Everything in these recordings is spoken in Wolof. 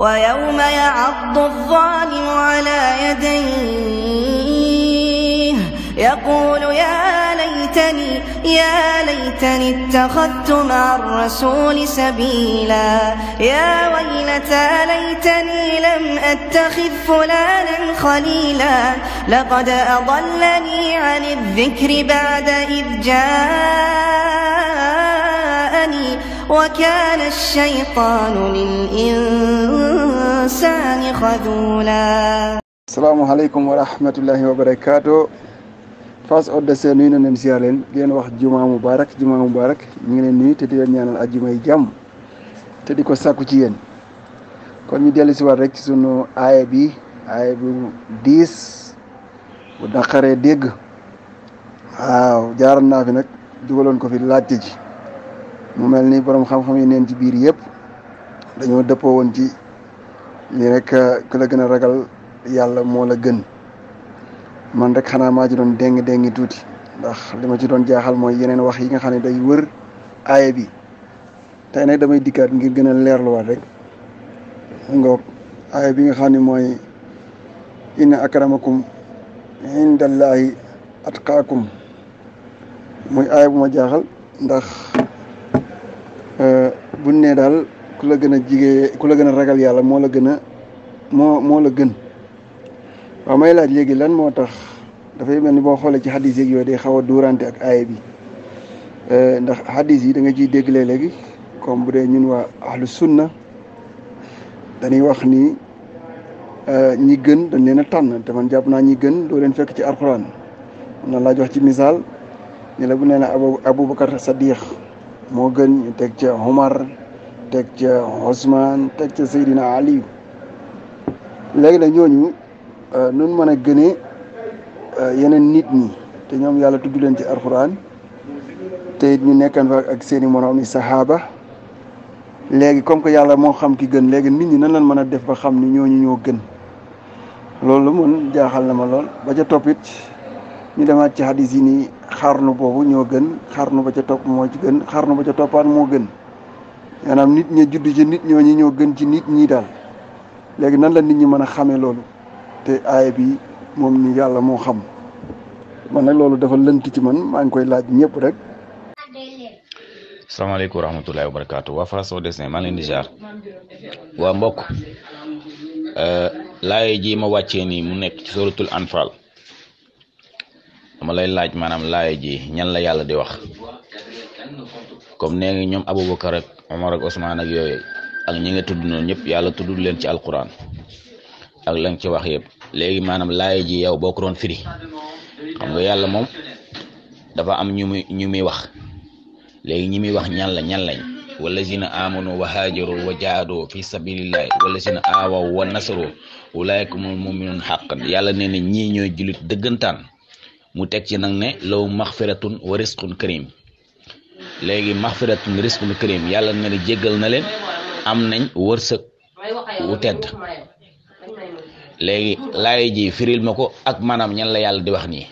ويوم يعض الظالم على يديه يقول يا ليتني يا ليتني اتخذت مع الرسول سبيلا يا ويلتى ليتني لم اتخذ فلانا خليلا لقد اضلني عن الذكر بعد اذ جاء وكان الشيطان للإنسان خذولا السلام عليكم ورحمة الله وبركاته Fass Odessène nuyu na leen siyaar leen di leen wax jumaa mubaarak jumaa mubaarak ñu ngi leen nuyu te e leen ñaanal ajjuma yi jàmm te di ko sàkku ci yéen kon ñu dellu si waat rek ci sunu aaya bi aaya bu diis bu naqaree dégg waaw jaaroon naa fi nag dugaloon ko fi laajte ji mu mel ni borom xam-xam yi neen ci biir yëpp dañoo dëppoo woon ji ni rek euh, ku la gën a ragal yàlla moola gën man rek xanaa maa ci doon déng déngi tuuti ndax li ci doon jaaxal mooy yeneen wax yi nga xam ne day wër aaya bi tey nag damay dikkaat ngir gën a leerluwaat rek ngoog aaya bi nga xam ne mooy inna akramakum indallahi atqaakum muy aaya ma jaaxal ndax Euh, buñ nee daal ku la gën a jige ku la gën a ragal yàlla moo la gën a moo moo la gën waaw may laaj léegi lan moo tax dafay mel ni boo xoolee ci xadis yeeg yooyu day xaw a duurante ak aaya bi euh, ndax xadis yi da nga ciy dégg léegi comme bu dee ñun waa ahlu sunna dañuy wax ni euh, ñi gën dañ leen a tànn te man jàpp naa ñi gën doo leen fekk ci alxuraan man laa jox ci misaal ne la bu nee na Aboubacar Sadiq moo gën ñu teg ca Omar teg ca Ousmane teg ca Seydina Ali léegi na ñooñu euh, nun mën a gënee euh, yeneen nit ñi te ñoom yàlla tudd leen ci alxuraan te it ñu nekkan fa ak seeni moroom yi saxaaba léegi comme que yàlla moo xam ki gën léegi nit ñi nan lañ mën a def ba xam ni ñooñu ñoo gën loolu mën jaaxal na ma lool ba ca toppit ñu demaat ci hadis yi nii xarnu boobu ñoo gën xarnu ba ca topp moo ci gën xarnu ba ca toppaat moo gën maanaam nit ñi judd ci nit ñooñu ñoo gën ci nit ñi daal léegi nan la nit ñi mën a xamee loolu te aaya bi moom ñu yàlla moo xam man nag loolu dafa lënt ci man maa ngi koy laaj ñëpp rek. salaamaaleykum wa rahmatulahi wa barakaatu waa Fass Sow Dessin di jaar waa mbokk euh, laay jii ma wàccee nii mu nekk ci suratul anfal dama lay laaj maanaam laaya ji ñan la yàlla di wax comme nee ñoom Aboubacar ak Omar ak Ousmane ak yooyu ak ñi nga tudd noonu ñëpp yàlla tudd leen ci alquran ak la nga ci wax yëpp léegi maanaam laaya ji yow boo ko doon firi xam nga yàlla moom dafa am ñu muy ñu muy wax léegi ñi muy wax ñan la ñan lañ wala wallazina amanu wa hajaru wa jaadoo fi sabilillahi wallazina aawaw wa nasaru ulaaykumul muminun xaqan yàlla nee na ñii ñooy julit dëggantaan mu teg ci nag ne law maxfiratun wa risqun karim léegi maxfiratun risqun karim yàlla na ne jéggal na leen am nañ wërsëg wu tedd léegi laay ji firil ma ko ak maanaam ñan la yàlla di wax nii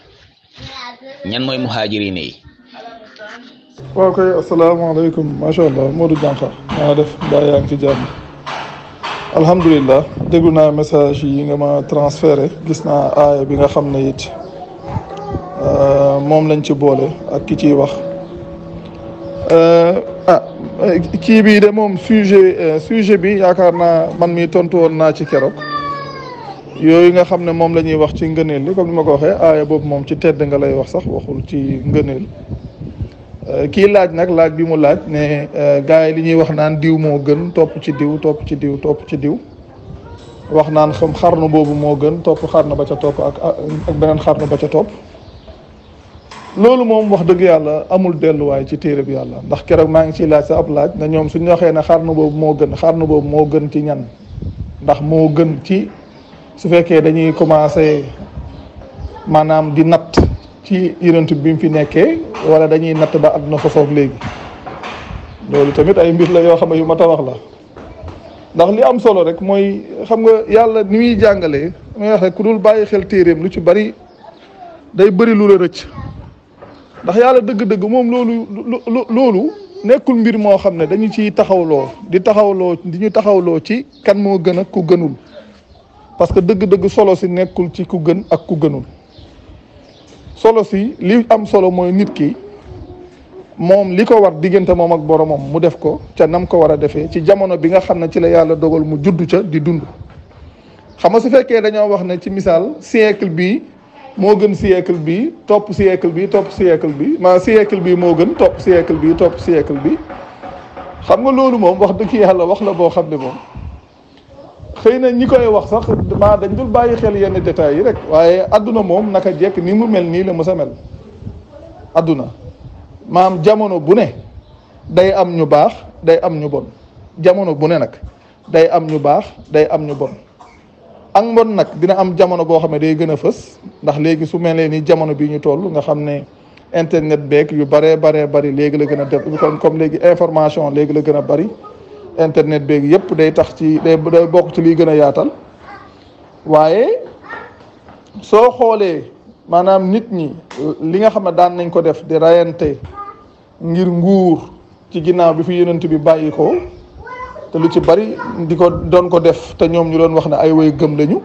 ñan mooy muhaajiriin yi waaw kay asalaamaaleykum macha allah Modou Diankha maa def mbaa yaa ngi ci jàmm alhamdulilah message yi nga ma transféré gis naa aaya bi nga xam na it Euh, moom lañ ci boole ak ki ciy wax euh, ah kii bii de moom sujet euh, sujet bi yaakaar naa man mi tontu woon naa ci keroog yooyu nga xam ne moom la ñuy wax ci ngëneel li comme ni ma ko waxee aaya boobu moom ci tedd nga lay wax sax waxul ci ngëneel kii laaj nag laaj bi mu laaj ne gars yi li ñuy wax naan diw moo gën topp ci diw topp ci diw topp ci diw wax naan xam xarnu boobu moo gën topp xarnu ba ca topp ak ak beneen xarnu ba ca topp loolu moom wax dëgg yàlla amul delluwaay ci téere bi yàlla ndax keroog maa ngi ciy laaj sa ab laaj na ñoom suñu waxee ne xarnu boobu moo gën xarnu boobu moo gën ci ñan ndax moo gën ci su fekkee dañuy commencé maanaam di natt ci yonent bi mu fi nekkee wala dañuy natt ba àdduna ko foofu léegi loolu tamit ay mbir la yoo xam ne yu mat a wax la ndax li am solo rek mooy xam nga yàlla ni muy jàngalee muy wax rek ku dul bàyyi xel téeréem lu ci bari day bëri lu la rëcc. ndax yàlla dëgg-dëgg moom loolu loolu nekkul mbir moo xam ne dañu ciy taxawloo di taxawloo di ñu taxawloo ci kan moo gën ak ku gënul parce que dëgg-dëgg solo si nekkul ci ku gën ak ku gënul solo si li am solo mooy nit ki moom li ko war diggante moom ak boromam mu def ko ca nam ko war a defee ci jamono bi nga xam ne ci la yàlla dogal mu judd ca di dund xama su fekkee dañoo wax na ci misaal siècle bii moo gën siècle bi topp siècle bi topp siècle bi maa siècle bi moo gën topp siècle bi topp siècle bi xam nga loolu moom wax dëgg yàlla wax la boo xam ne moom xëy na ñi koy wax sax maa dañ dul bàyyi xel yenn détails yi rek waaye adduna moom naka jekk ni mu mel nii la mës a mel adduna maam jamono bu ne day am ñu baax day am ñu bon jamono bu ne nag day am ñu baax day am ñu bon ak mbon nag dina am jamono boo xam ne day gën a fës ndax léegi su mel ni jamono bii ñu toll nga xam ne internet beeg yu baree baree bari léegi la gën a def comme comme léegi information léegi la gën a bari internet beeg yëpp day tax ci day day bokk ci liy gën a yaatal waaye soo xoolee maanaam nit ñi li nga xam ne daan nañ ko def di rayante ngir nguur ci ginnaaw bi fi yonent bi bàyyi ko te lu ci bari di ko doon ko def te ñoom ñu doon wax na ay way gëm lañu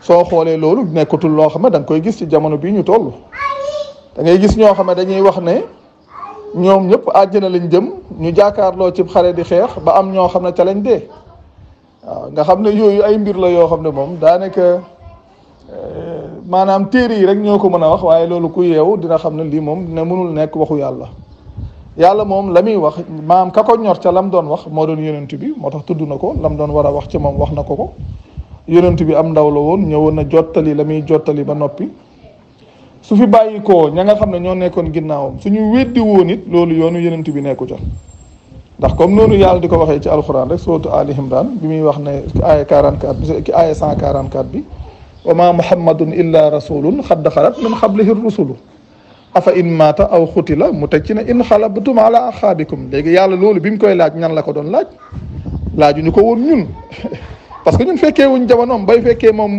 soo xoolee loolu nekkatul loo xam ne da koy gis ci jamono bii ñu toll da ngay gis ñoo xam ne dañuy wax ne ñoom ñëpp na lañ jëm ñu jaakaarloo ci xare di xeex ba am ñoo xam ne ca lañ dee nga xam ne yooyu ay mbir la yoo xam ne moom daanaka euh, maanaam téere yi rek ñoo ko mën a wax waaye loolu ku yeewu dina xam ne lii moom ne mënul nekk waxu yàlla. yàlla mom la wax maam kako ñor ci lam doon wax mo doon yonent bi motax tuddu nako lam doon wara wax ci mom wax nako ko yonent bi am ndaw la woon ñëwoon na jottali la ba nopi su fi bayiko ña nga xamne ño nekkon nekkoon suñu weddi woon it loolu yoonu yonent bi neeku ca ndax comme nonu yàlla diko waxe ci alcorane rek sotu ali imran bi mi wax ne ay 44 ki ay 144 bi wa ma muhammadun illa rasulun xad xalat min xablihi rusulu afa in mata aw khutila mu teg ci ne in khalabtum ala akhabikum léegi yàlla lolou bim koy laaj ñan la ko don laaj laaju ñuko won ñun parce que ñun fekke wuñ jamonoom bay fekke mom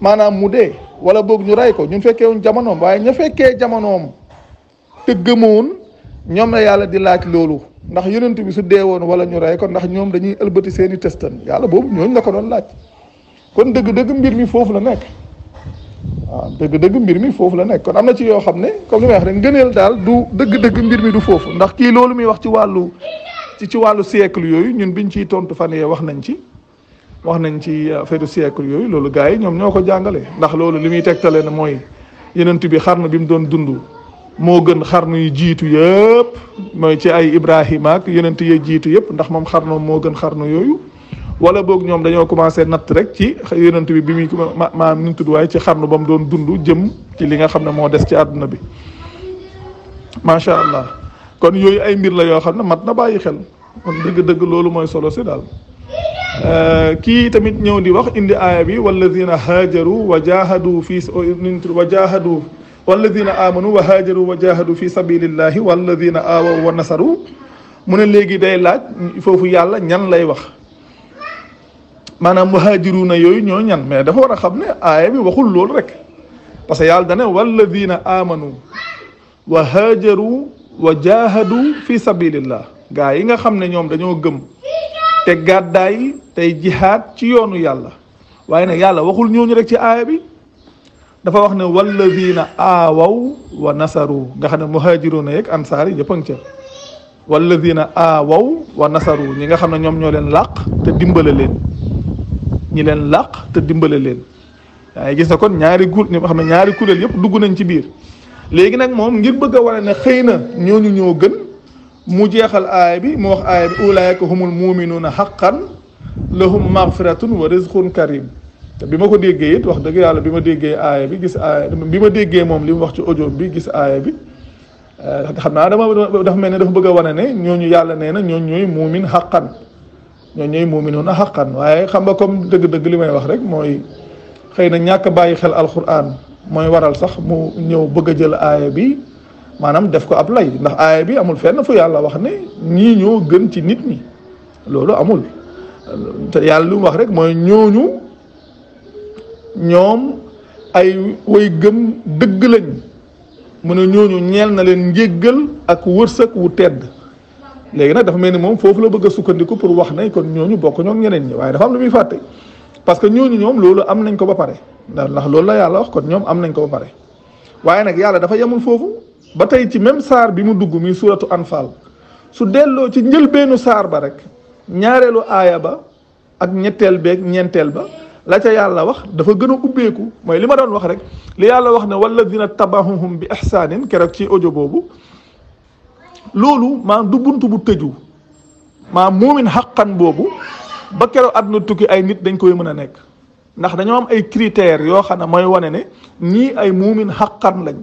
manam mu dee wala bok ñu ray ko ñun fekke wuñ jamonoom way ñu fekke jamonoom te gëmoon ñom la yàlla di laaj lolou ndax yonent bi su de won wala ñu ray ko ndax ñom dañuy ëlbati seeni testan yàlla boobu ñooñu la ko don laaj kon deug deug mbir mi fofu la nek waaw dëgg-dëgg mbir mi foofu la nekk kon am na ci yoo xam ne comme li may wax rek ngëneel daal du dëgg-dëgg mbir mi du foofu ndax kii loolu muy wax ci wàllu ci ci wàllu siècle yooyu ñun biñ ciy tontu fan yee wax nañ ci wax nañ ci euh, feetu siècle yooyu loolu gaa yi ñoom ñoo ko jàngale ndax loolu li muy tegtale na mooy yenent bi xarnu bi mu doon dund moo gën xarnu yi jiitu yëpp mooy ci ay Ibrahima ak yenent yi jiitu yëpp ndax moom xarnu moo gën xarnu yooyu wala bok ñom dañoo commencé nat rek ci yonent bi bi mi ma maam ñu tudd waaye ci xarnu bam doon dundu jëm ci li nga xamne mo dess ci aduna bi sha allah kon yoy ay mbir la yo xamne mat na bayyi xel kon deug deug lolu moy solo dal euh ki tamit ñew di wax indi aya bi walladina hajaru wa jahadu fi wa jahadu walladina amanu wa hajaru wa jahadu fi sabilillahi walladina aawaw wa nasaru mune ne day laaj fofu yalla ñan lay wax maanaam na yooyu ñoo ñan mais dafa war a xam ne aaya bi waxul loolu rek parce que yàlla dane walladina amanu wa haajaru wa jaahadu fi sabilillah gaa yi nga xam ne ñoom dañoo gëm te gàddaay tey jihaad ci yoonu yàlla waaye nag yàlla waxul ñooñu rek ci aaya bi dafa wax ne walladina aawaw wa nasaru nga xam ne muhaajiruuna yeeg ansaar yi yëpp a ngi ca walladina aawaw wa nasaru ñi nga xam ne ñoom ñoo leen làq te dimbale leen ñi leen làq te dimbale leen yaa gis na kon ñaari gu ñoo xam ne ñaari kuréel yëpp dugg nañ ci biir léegi nag moom ngir bëgg a wane ne xëy na ñooñu ñoo gën mu jeexal aay bi mu wax aay bi ulaayka humul muminuuna xaqan lahum magfiratun wa rizqun karim te bi ma ko déggee it wax dëgg yàlla bi ma déggee aaya bi gis aaya bi ma déggee moom li mu wax ci audio bi gis aaya bi xam naa dama dafa mel ne dafa bëgg a wane ne ñooñu yàlla nee na ñooñu ñooy muumin xaqan ñoo ñooy muminuna ah, xaqan waaye xam nga comme deug deug limay wax rek moy xeyna ñak bayyi xel alquran moy waral sax mu ñew bëgg jël aya bi manam def ko ab lay ndax aya bi amul fenn fu yalla wax ne ñi ñoo gën ci nit ñi lolu amul te lu wax rek moy ñooñu ñom ay way gëm deug lañ mu ne ñooñu ñel na leen njéggal ak wërsekk wu tedd léegi nag dafa mel ni moom foofu la bëgg a sukkandiku pour wax ne kon ñooñu bokk ñoom ñeneen ñi waaye dafa am lu muy fàtte parce que ñooñu ñoom loolu am nañ ko ba pare ndax loolu la yàlla wax kon ñoom am nañ ko ba pare waaye nag yàlla dafa yemul foofu ba tey ci même saar bi mu dugg mi suratu anfal su delloo ci njëlbeenu saar ba rek ñaareelu aaya ba ak ñetteel beeg ñeenteel ba la ca yàlla wax dafa gën a ubbeeku mooy li ma doon wax rek li yàlla wax ne walladina tabahum bi ihsaanin keroog ci audio boobu loolu maanaam du bunt bu tëju maanaam moomin xaqan boobu ba keroog àdduna tukki ay nit dañ koy mën a nekk ndax dañoo am ay critères yoo xam ne mooy wane ne ñii ay muumin xaqan lañ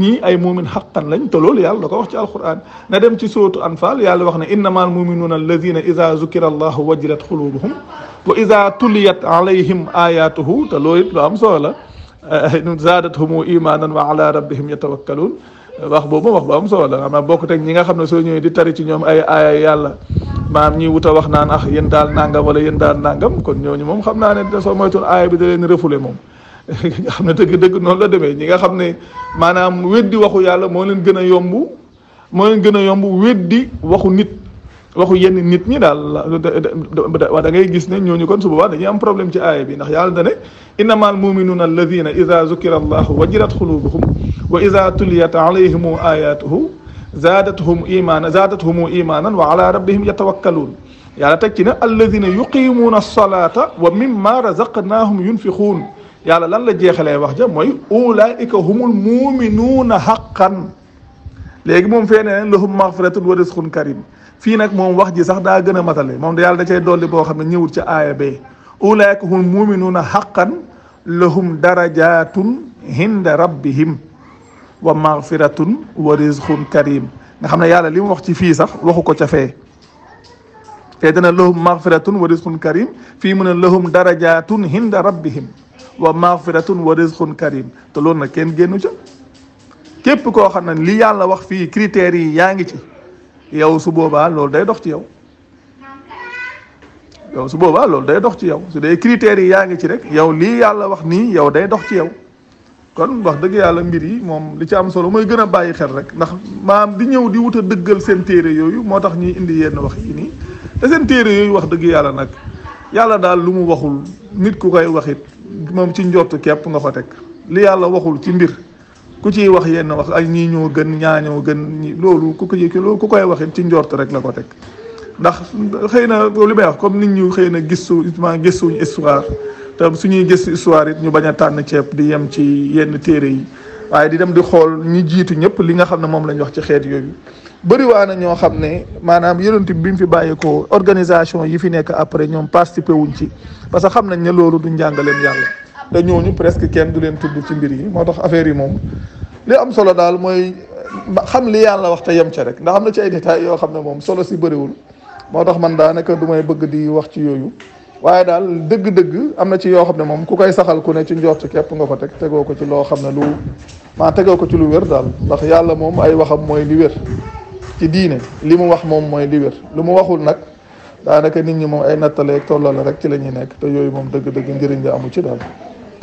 ñii ay muumin xaqan lañ te loolu yàlla da ko wax ci alquran na dem ci suratu anfal yàlla wax ne innama al muminuuna alladina ida zukira allahu wajilat xulubuhum wa ida tuliyat alayhim ayatuhu te loolu it am solo la zaadathum imanan wa ala rabbihim yatawakkaluun wax boobu wax bu am solo la maanaam bokkut ak ñi nga xam ne soo ñëwee di tari ci ñoom ay yàlla maanaam ñi wut wax naan ah yéen daal nangam wala yéen daal nangam kon ñooñu moom xam naa ne soo moytuwul aaya bi da leen refoulé moom. nga xam ne dëgg-dëgg noonu la demee ñi nga xam ne maanaam weddi waxu yàlla moo leen gën a yomb moo gën a yomb weddi waxu nit waxu yenn nit ñi daal wax da ngay gis ne ñooñu kon su boobaa dañuy am problème ci aaya bi ndax yàlla da ne innamal muminuna alladina ida zukira allahu wajilat xulubuhum وإذا تليت عليهم آياته زادتهم إيمانا زادتهم إيمانا وعلى ربهم يتوكلون yàlla teg ci ne alladina yuqimuuna salaata wa mimma razaqnaahum yunfixuun yàlla lan la jeexalee wax ja mooy ulaika humul muuminuuna xaqan léegi moom fee ne leen lahum maxfiratun wa risqun karim fii nag moom wax ji sax daa gën a matale moom da yàlla da cay dolli boo xam ne ñëwul ci aaya bee ulaika humul muuminuuna xaqan lahum darajatun hinda rabbihim wa maghfiratun wa rizqun karim nga xam ne yàlla li mu wax ci fii sax waxu ko ca fee fee dana lahum maghfiratun wa rizqun karim fii mu ne lahum darajatun hinda rabbihim wa maghfiratun wa rizqun karim te loolu nag kenn génnu ca képp koo xam ne li yàlla wax fii critères yi yaa ngi ci yow su boobaa loolu day dox ci yow yow su boobaa loolu day dox ci yow su dee critères yi yaa ngi ci rek yow lii yàlla wax nii yow day dox ci yow kon wax dëgg yàlla mbir yi moom li ci am solo mooy gën a bàyyi xel rek ndax maam di ñëw di wut a dëggal seen téere yooyu moo tax ñuy indi yenn wax yi nii te seen téere yooyu wax dëgg yàlla nag yàlla daal lu mu waxul nit ku koy wax it moom ci njort képp nga ko teg li yàlla waxul ci mbir ku ci wax yenn wax ay ñii ñoo gën ñaa ñoo gën ñi loolu ku ko ku koy wax ci njort rek la ko teg ndax xëy na li may wax comme nit ñu xëy na gisu gissuñu histoire te su ñuy gis histoire it ñu bañ a tànn ceeb di yem ci yenn téere yi waaye di dem di xool ñu jiitu ñëpp li nga xam ne moom lañ wax ci xeet yooyu. bëri waa na ñoo xam ne maanaam yonent bi bi mu fi bàyyeekoo organisation yi fi nekk après ñoom participé wuñ ci parce que xam nañ ne loolu du njàngaleen yàlla te ñooñu presque kenn du leen tudd ci mbir yi moo tax affaire yi moom li am solo daal mooy xam li yàlla wax te yem ca rek ndax xam ne ci ay détails yoo xam ne moom solo si bëriwul moo tax man daanaka du may bëgg di wax ci yooyu. waaye daal dëgg-dëgg am na ci yoo xam ne moom ku koy saxal ku ne ci njort képp nga ko teg tegoo ko ci loo xam ne lu maa tegoo ko ci lu wér daal ndax yàlla moom ay waxam mooy li wér ci diine li mu wax moom mooy li wér lu mu waxul nag daanaka nit ñi moom ay nattaleeg tollale rek ci la ñuy nekk te yooyu moom dëgg-dëgg njëriñ la amu ci daal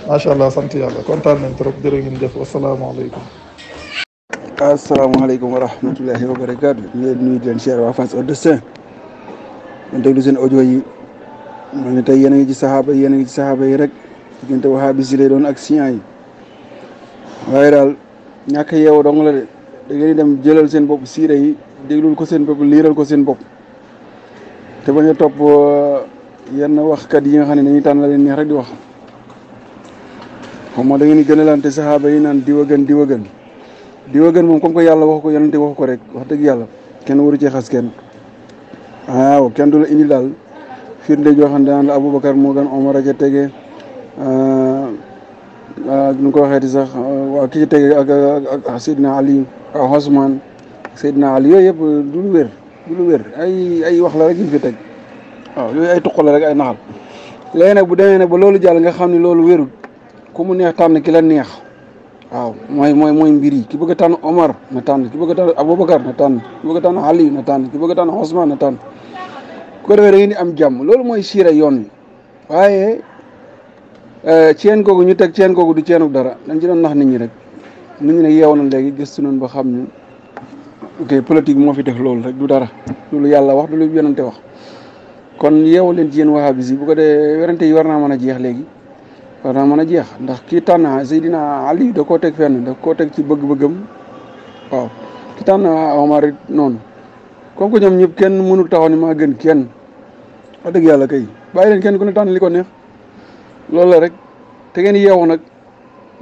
macha allah sant yàlla kontaan nañ trop jërë ngeen jëf asalaamaaleykum. asalaamaaleykum wa rahmatulahi wa barakaatu. ñu leen nuyu di leen cher waa Face au Destin. ñu déglu seen audio yi. ma ne tey yéen a ngi ci saxaaba yi yéen ngi ci saxaaba yi rek diggante wahabis yi lay doon ak siyan yi waaye daal ñàkk yeewu dong la de da ngeen dem jëlal seen bopp siire yi déglul ko seen bopp liiral ko seen bopp te bañ a topp uh, yenn waxkat yi nga xam ne dañuy tànn la leen neex rek di wax xam da ngeen di gënalante saxaaba yi naan diwa gën diwa gën diwa gën moom comme yàlla wax ko yonente wax ko rek wax dëgg yàlla kenn waru cee xas kenn waaw kenn du la indi daal firnde joo xam ne daan la Aboubacar moo Omar a ca tege euh, euh, nu ko waxeeti sax euh, waa ki ci tege ak ak Seydina Ali ak Ousmane Seydina Ali yooyu yëpp du lu wér du lu wér ay ay wax la rek ñu fi teg waaw yooyu ay tuq la rek ay naxal léegi nag bu demee nag ba loolu jàll nga xam ne loolu wérul ku mu neex tànn ki la neex waaw mooy mooy mooy mbir yi ki bëgg a tànn Omar na tànn ki bëgg a tànn Aboubacar na tànn ki bëgg a tànn Ali na tànn ki bëgg a tànn na tànn ko defee da ngeen di am jàmm loolu mooy siira yoon wi waaye eh, ceen googu ñu teg ci ceen googu du ceenu dara dañ ci doon nax nit ñi rek nit ñi ne yeew na léegi gëstu nañ ba xam ne ok politique moo fi def loolu rek du dara du lu yàlla wax du lu yonante wax kon yeewu leen ci yéen wahabis yi bu ko dee werante yi war naa mën a jeex léegi war naa mën a jeex ndax kii tànn Seydina Ali da koo teg fenn da koo teg ci bëgg-bëggam waaw ki tànn Omar it noonu comme que ñoom ñëpp kenn mënul taxaw ni maa gën kenn wax dëgg yàlla kay bàyyi leen kenn ku tànn li ko neex loolu la rek te ngeen yeewu nag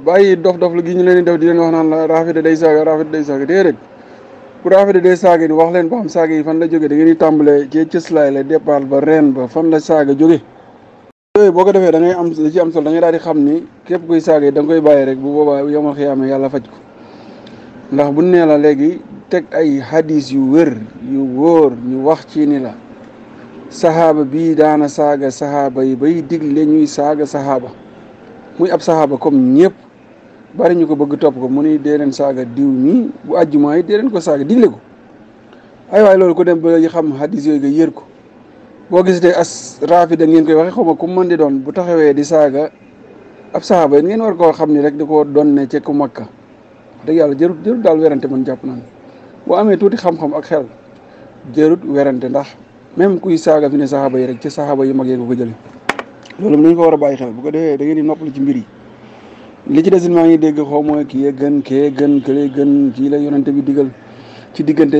bàyyi dof-dof la gi ñu leen di di leen wax naan la rafet day saaga rafet day saaga déedéet bu rafet day saaga ni wax leen ba xam yi fan la jóge da ngeen di tàmbalee cee cëslaay la départ ba ren ba fan la saaga jóge yooyu boo ko defee da ngay am da ci am solo da ngay di xam ni képp kuy saaga yi da koy bàyyi rek bu boobaa yomal xiyaamee yàlla faj ko ndax bu nee la léegi teg ay hadis yu wér yu wóor ñu wax ci ni la saxaaba bii daana saaga saxaaba yi bay digle ñuy saaga saxaaba muy ab saxaaba comme ñëpp bari ñu ko bëgg topp ko mu ni dee leen saaga diw ñii bu àjjumaa yi dee leen ko saaga digle ko ay waay loolu ko dem ba yi xam hadis yooyu nga yër ko boo gisatee as raafida ngeen koy waxe xaw ma ku mën di doon bu taxawee di saaga ab saxaaba yi ngeen war koo xam ni rek da ko doon ne ci ku makka dëgg yàlla jërut jërut daal werante man jàpp naa ne boo amee tuuti xam-xam ak xel jërut werante ndax même kuy saaga fi ne saxaaba yi rek ci saxaaba yi mag yee ko jële loolu dañ ko war a bàyyi xel bu ko defee da ngeen di noppalu ci mbir yi li ci des it maa ngi dégg xaw ma kii gën kee gën kële gën kii la yonante bi digal ci diggante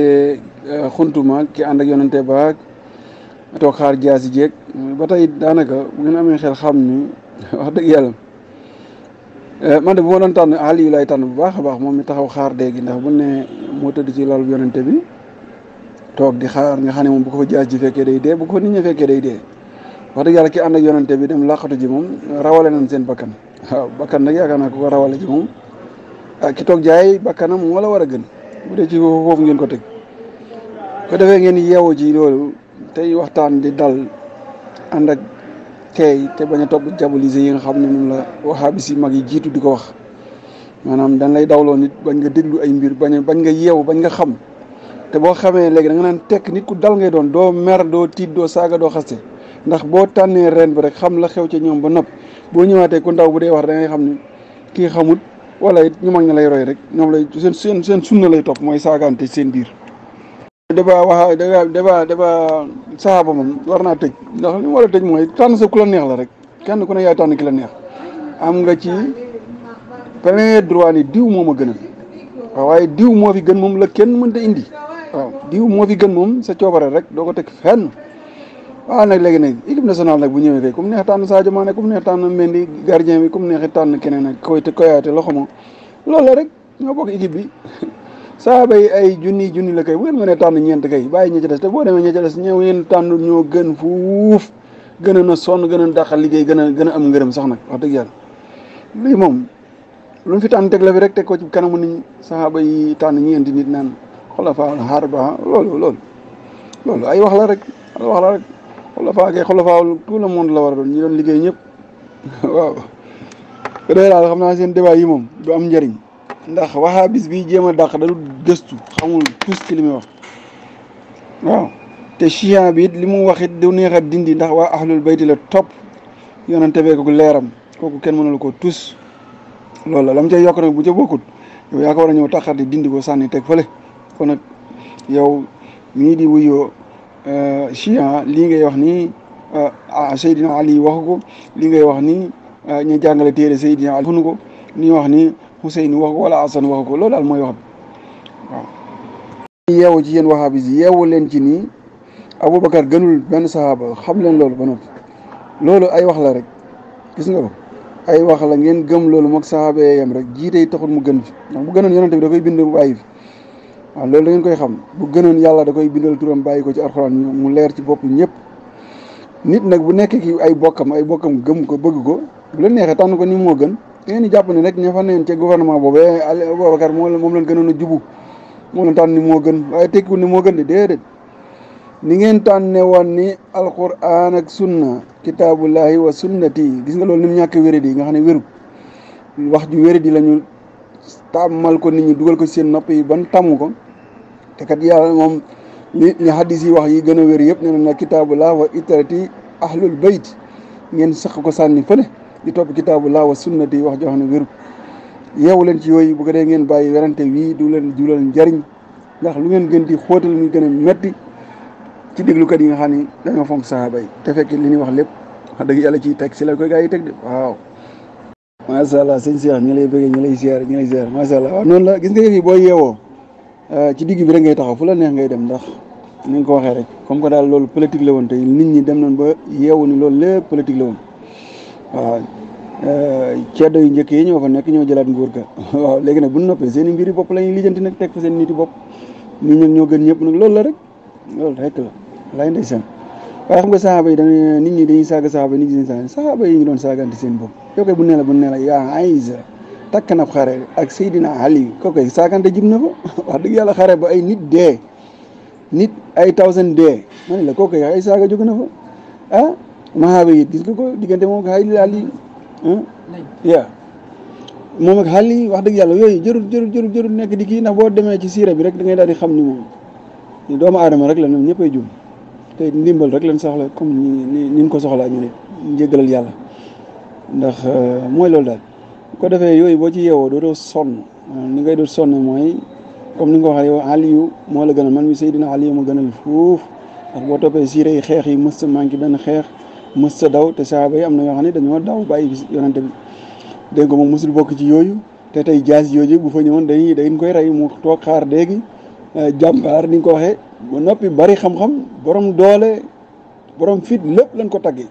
euh, xuntuma ki ànd ak yonante ba toog xaar jaasi jeeg ba tey daanaka bu ngeen amee xel xam ni dëgg yàlla euh, man de bu ma doon tànn lay tànn bu baax a baax moom mi taxaw xaar dee ndax bu ne moo tëdd ci lal yonante bi tok di xaar nga xane mom bu ko fa jaas ji fekke day de bu ko nit ñi fekke day de wax yalla ki and ak yonante bi dem laqatu ji mom rawale nañ seen bakkan bakkan nak yaaka naa ko rawale ji mom ah, ki tok jaay bakkanam mo la wara gën bu de ci fofu ngeen ko tek ko defé ngeen yewu ji loolu tay waxtaan di dal and ak tay te baña top topp yi nga xamne mom la wahabis yi magi jitu wax manam dañ lay dawlo nit bañ nga deglu ay mbir bañ bañ nga yewu bañ nga xam te bo xamé légui da nga nan do nit ku dal ngay don do mer do tiit do saga do xasse ndax bo tànnee ren bi rek xam la xew ci ñom ba nopp bo ñëwaaté ku ndaw bu dé wax da ngay xamni ki xamul wala it ñu mag lay roy rek ñom lay seen seen seen sunna lay top moy saganté seen bir deba wax deba deba deba sahaba mom war naa ndax ñu wara tej moy tan sa ku la neex la rek kenn ku ne yaay tan ki la neex am nga ci premier droit ni diw moma gënal waaye diw mo fi gën mom la kenn indi. waaw diw moo fi gën moom sa coobare rek doo ko teg fenn waaw nag léegi nag équipe nationale nag bu ñëwee kay comme neex tànn Sadio Mané comme neex tànn Mendy gardien bi comme neex tànn keneen ak koy te koyaate loxo ma loolu la rek ñoo bokk équipe bi saa bay ay junni junni la kay bu ngeen mënee tànn ñeent kay bàyyi ña ca des te boo demee ña ca des ñëw ngeen tànn ñoo gën fuuf gën a na sonn gën a dàqal liggéey gën a gën a am ngërëm sax nag wax dëgg yàlla lii moom lu fi tànn teg fi rek te ko ci kanamu nit ñi saxaaba yi tànn ñeenti nit naan xulafaa al loolu loolu ay wax la rek wax la rek le monde la war a doon ñi doon xam naa seen débat yi moom du am njëriñ ndax waxaa bis bi jéem a dàq dalu gëstu xamul tous ci wax te chian bi it li mu wax it du neex a dindi ndax wa ahlul bayti la topp yonente bee ko leeram kooku kenn mënul ko tous loolu la lam cay yokk nag bu ca bokkut yow yaa ko war ñëw taxar di dindi ko sànni teg fële kon nag yow mii di wuyoo chian euh, lii ngay wax ni euh, ah, Seydina Ali waxu ko lii ngay wax ni euh, ñu jàngale téere Seydina Ali waxuñu ko ni wax ni Hussein wax ko wala Hassan waxu ko loolu daal mooy wax bi waaw yeewu ci yéen wahabis yi leen ci nii Aboubacar gënul benn sahaaba xam leen loolu ba noppi loolu ay wax la rek gis nga ko ay wax la ngeen gëm loolu moog sahaaba yam rek jiitey taxul mu gën fi ndax bu gënoon yonente bi da koy bind bàyyi fi waaw loolu la ngeen koy xam bu gënoon yàlla da koy bindal turam bàyyi ko ci alxuraan mu leer ci bopp ñëpp nit nag bu nekk ki ay bokkam ay bokkam gëm ko bëgg ko bu la neexee tànn ko ni moo gën da ngeen di ne rek ña fa neen ca gouvernement boobu eh, Aboubacar moom moom leen gënoon a jubu moom ni moo gën waaye tekkiwul ni moo gën de déedéet ni ngeen tànne woon ni alquran ak sunna kitaabullahi wa sunnati gis nga loolu ni mu ñàkk wéré di nga xam ne wérub wax ju wéré di la ñu tàmmal ko nit ñi dugal ko seen nopp yi ban tàmm ko te kat yalla mom ni ni hadith yi wax yi gëna wër yëpp na kitaabullah wa itarati ahlul bait ngeen sax ko sanni fele di topp kitaabullah wa sunnati wax joxna wër ne yeewu leen ci yoy bu ko dee ngeen bayyi wérante wi du leen julal njariñ ndax lu ngeen gën di xotal ni gëna metti ci kat yi nga xani ni dañoo fonk sahaaba yi te fekk li ni wax lepp wax deug yalla ci tek ci la koy gaa tek de waaw sha allah seigne Cheikh ñu lay bëgg ñu lay ziar ñu lay ziar sha allah non la gis nga fi bo yeewoo Euh, ci digg bi rek ngay taxaw fu la neex ngay dem ndax ni nga ko waxee rek comme que daal loolu politique la woon te nit ñi dem nañ ba yeewu ni loolu lépp politique la woon waaw euh, ceddo yu njëkk yi ñoo fa nekk ñoo jëlaat nguur ga waaw léegi nag bu ñu noppee seen i mbiri bopp la ñuy lijjanti nag teg fa seen niti bopp nit ñi ñoo gën ñëpp nag loolu la rek loolu rek la lay seen waaye xam nga saxaaba yi dañuy nit ñi dañuy saaga saxaaba nit ñi dañuy saaga saxaaba yi ñu doon saagante seen bopp yow kay bu ne la bu ne la yaa Aysa takk na xare ak Seydina Ali kooku ay saakante jib na fa wax dëgg yàlla xare ba ay nit dee nit ay thousand dee ma ne la kooku ay saaga jóg na fa ah mahaaba yi gis nga ko diggante moom ak Ali ah? Ali yaa wax dëgg yàlla yooyu jërul jërul jërul jërul nekk di kii ndax boo demee ci siira bi rek da ngay daal di xam ni moom ni doomu aadama rek la ñoom ñëppay jum te ndimbal rek lañ soxla kom ni ko soxlaa ñu ne njëggalal yàlla ndax euh, mooy loolu daal bu ko defee yooyu boo ci yeewoo dootoo sonn li euh, ngay doot sonn mooy comme ni nga ko waxee yow Aliou moo la gënal man mi Seydina Aliou ma gënal fuuf ndax boo toppee siire yi xeex yi mës manqué benn xeex mës ta daw te saaba yi am na yoo xam ne dañoo daw bàyyi yonante bi dégg nga moom mësul bokk ci yooyu te tey jaas yooyu bu fa ñëwoon dañuy dañ koy rey mu toog xaar léegi euh, jàmbaar ni nga ko waxee ba noppi bari xam-xam borom doole borom fit lépp lañ ko taggee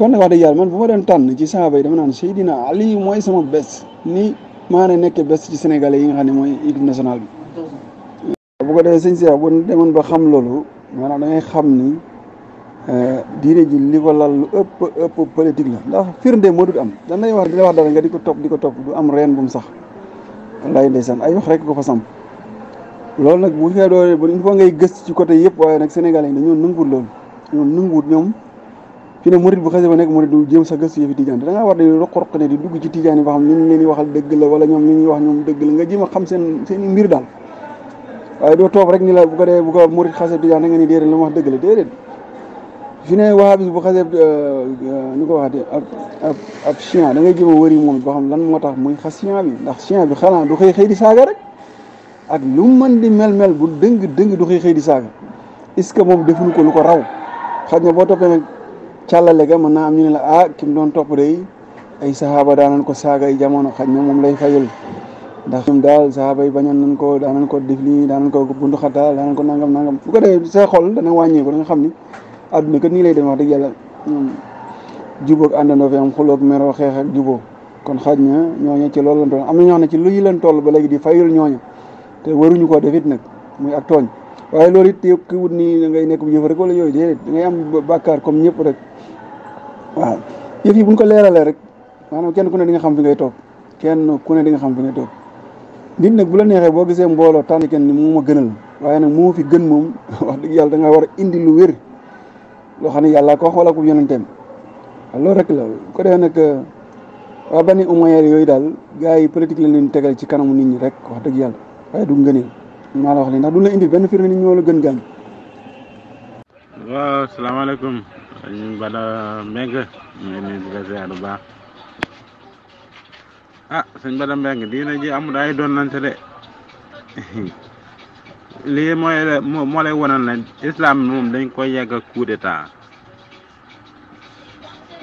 kon nag wax dëgg yàlla man bu ma doon tànn ci saaba yi dama naan Seydina Ali mooy sama bes ni maa ne nekk bés ci sénégalais yi nga xam ne mooy équipe nationale bi. Mm. bu ko defee sëñ demoon ba xam loolu maanaam da ngay xam ni euh, diine ji li ko lal ëpp ëpp politique la ndax firnde moo dut am dañ lay wax di la wax dara nga di ko topp di ko topp du am reen bum mu sax. wallaay ndeysaan ay wax rek ko fa samp loolu nag bu fekkee doole bu il ngay gëstu ci côté yëpp waaye nag sénégalais yi dañoo nanguwut loolu ñoom nanguwut ñoom. fini murid bu xasee ba murid du jéem sa gëstu yëfi tijaan da ngaa war di roq-roq ne di dugg ci ini ini ba xam ñu leen wakil waxal dëgg la wala ñoom ñu ñuy wax ñoom dëgg la nga jéem xam seen mbir rek ni la bu ko bu ko murid khas itu jangan nga ni déedéet la mu wax dëgg la déedéet fi ne wahabis bu xasee euh, ñu euh, ko waxatee ab ab ab chien da ngay jéem a wëri moom boo xam lan moo tax muy xas chien bi ndax chien bi xanaa du xëy di saaga rek ak lu di mel mel bu deng deng du xëy xëy di saaga est ce que moom defuñu ko lu ko raw xaj càllale ga mën naa am ñu ne la ah ki mu doon topp day ay saxaaba daanañ ko saaga yi jamono xaj na moom lay fayul ndax ñoom daal saxaaba yi bañoon nañ ko daanañ ko def lii daanañ ko bundu xataal daanañ ko nangam nangam bu ko defee sa xol dana wàññeeku da nga xam ni adduna kat nii lay demee wax dëgg yàlla ñoom jubóog àndandoo fi am xuloog meroo xeex ak kon xaj na ñooña ci loolu lañ toll am na ñoo xam ne ci lu yi lañ toll ba léegi di fayul ñooña te waruñu koo def it nag muy ak tooñ waaye loolu it ki wut nii da ngay nekk bu jëf rek wala yooyu déedéet da ngay am bàkkaar rek waaw yëf yi buñ ko leeralee rek maanaam kenn ku ne di nga xam fi ngay toog kenn ku ne di nga xam fi ngay toog nit nag bu la neexee boo gisee mbooloo tànn kenn ni mu ma gënal waaye nag moo fi gën moom wax dëgg yàlla da war a indi lu wér loo xam ne yàlla ko xoolal ko yonenteem waaw loolu rek la ko defee nag euh, waa bani umayya yooyu daal gars yi politique lañ leen tegal ci kanamu nit ñi rek wax dëgg yàlla waaye du ngëneel maa la wax nii ndax du la indi benn firnde nit ñoo la gën gaañ. waaw salaamaaleykum. mbaɗa mbeg ni ka seeru baax ah sëñ Bada Mbengue diina ji amul ay donnante de lii mooy moo lay wonal ne islam moom dañ koy yàgg a coup d'état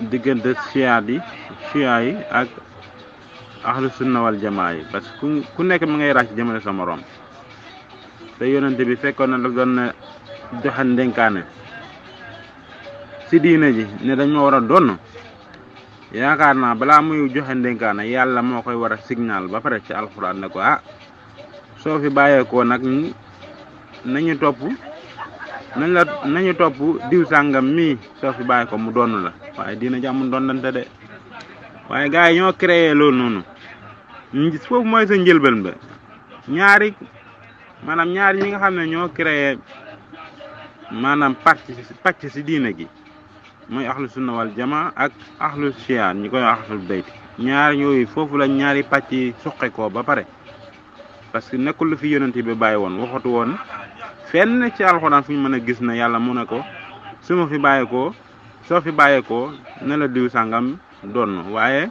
diggante siyaat yi ak ahlu sunna wal yi parce que ku nekk mu ngay ràcc jëmale sa morom te yonente bi fekkoon na la doon joxe ndénkaane si diina ji ne dañ ma war a donn yaakaar naa balaa muy joxe ndénkaane yàlla moo koy war a signal ba pare ci alxuraan ne ko ah soo fi bàyyeekoo nag nañu topp nañ la nañu topp diw sàngam mii soo fi bàyyi mu donn la waaye diina ji amul dondante de waaye gaa yi ñoo créé loolu noonu ñu foofu mooy sa njëlbeen ba ñaari maanaam ñaari ñi nga xam ne ñoo créé maanaam pàcc pàcc si diina gi mooy axlu sunna wal jamaa ak axlu siyaan ñi koy axlul bayti ñaar yooyu foofu la ñaari pàcc yi suqekoo ba pare parce que nekkul lu fi yonent bi bàyyi woon waxatu woon fenn ci alxuraan fu ñu mën a gis na yàlla mu ne ko su ma fi bàyyeekoo soo fi bàyyeekoo ne la diw sàngam doon waaye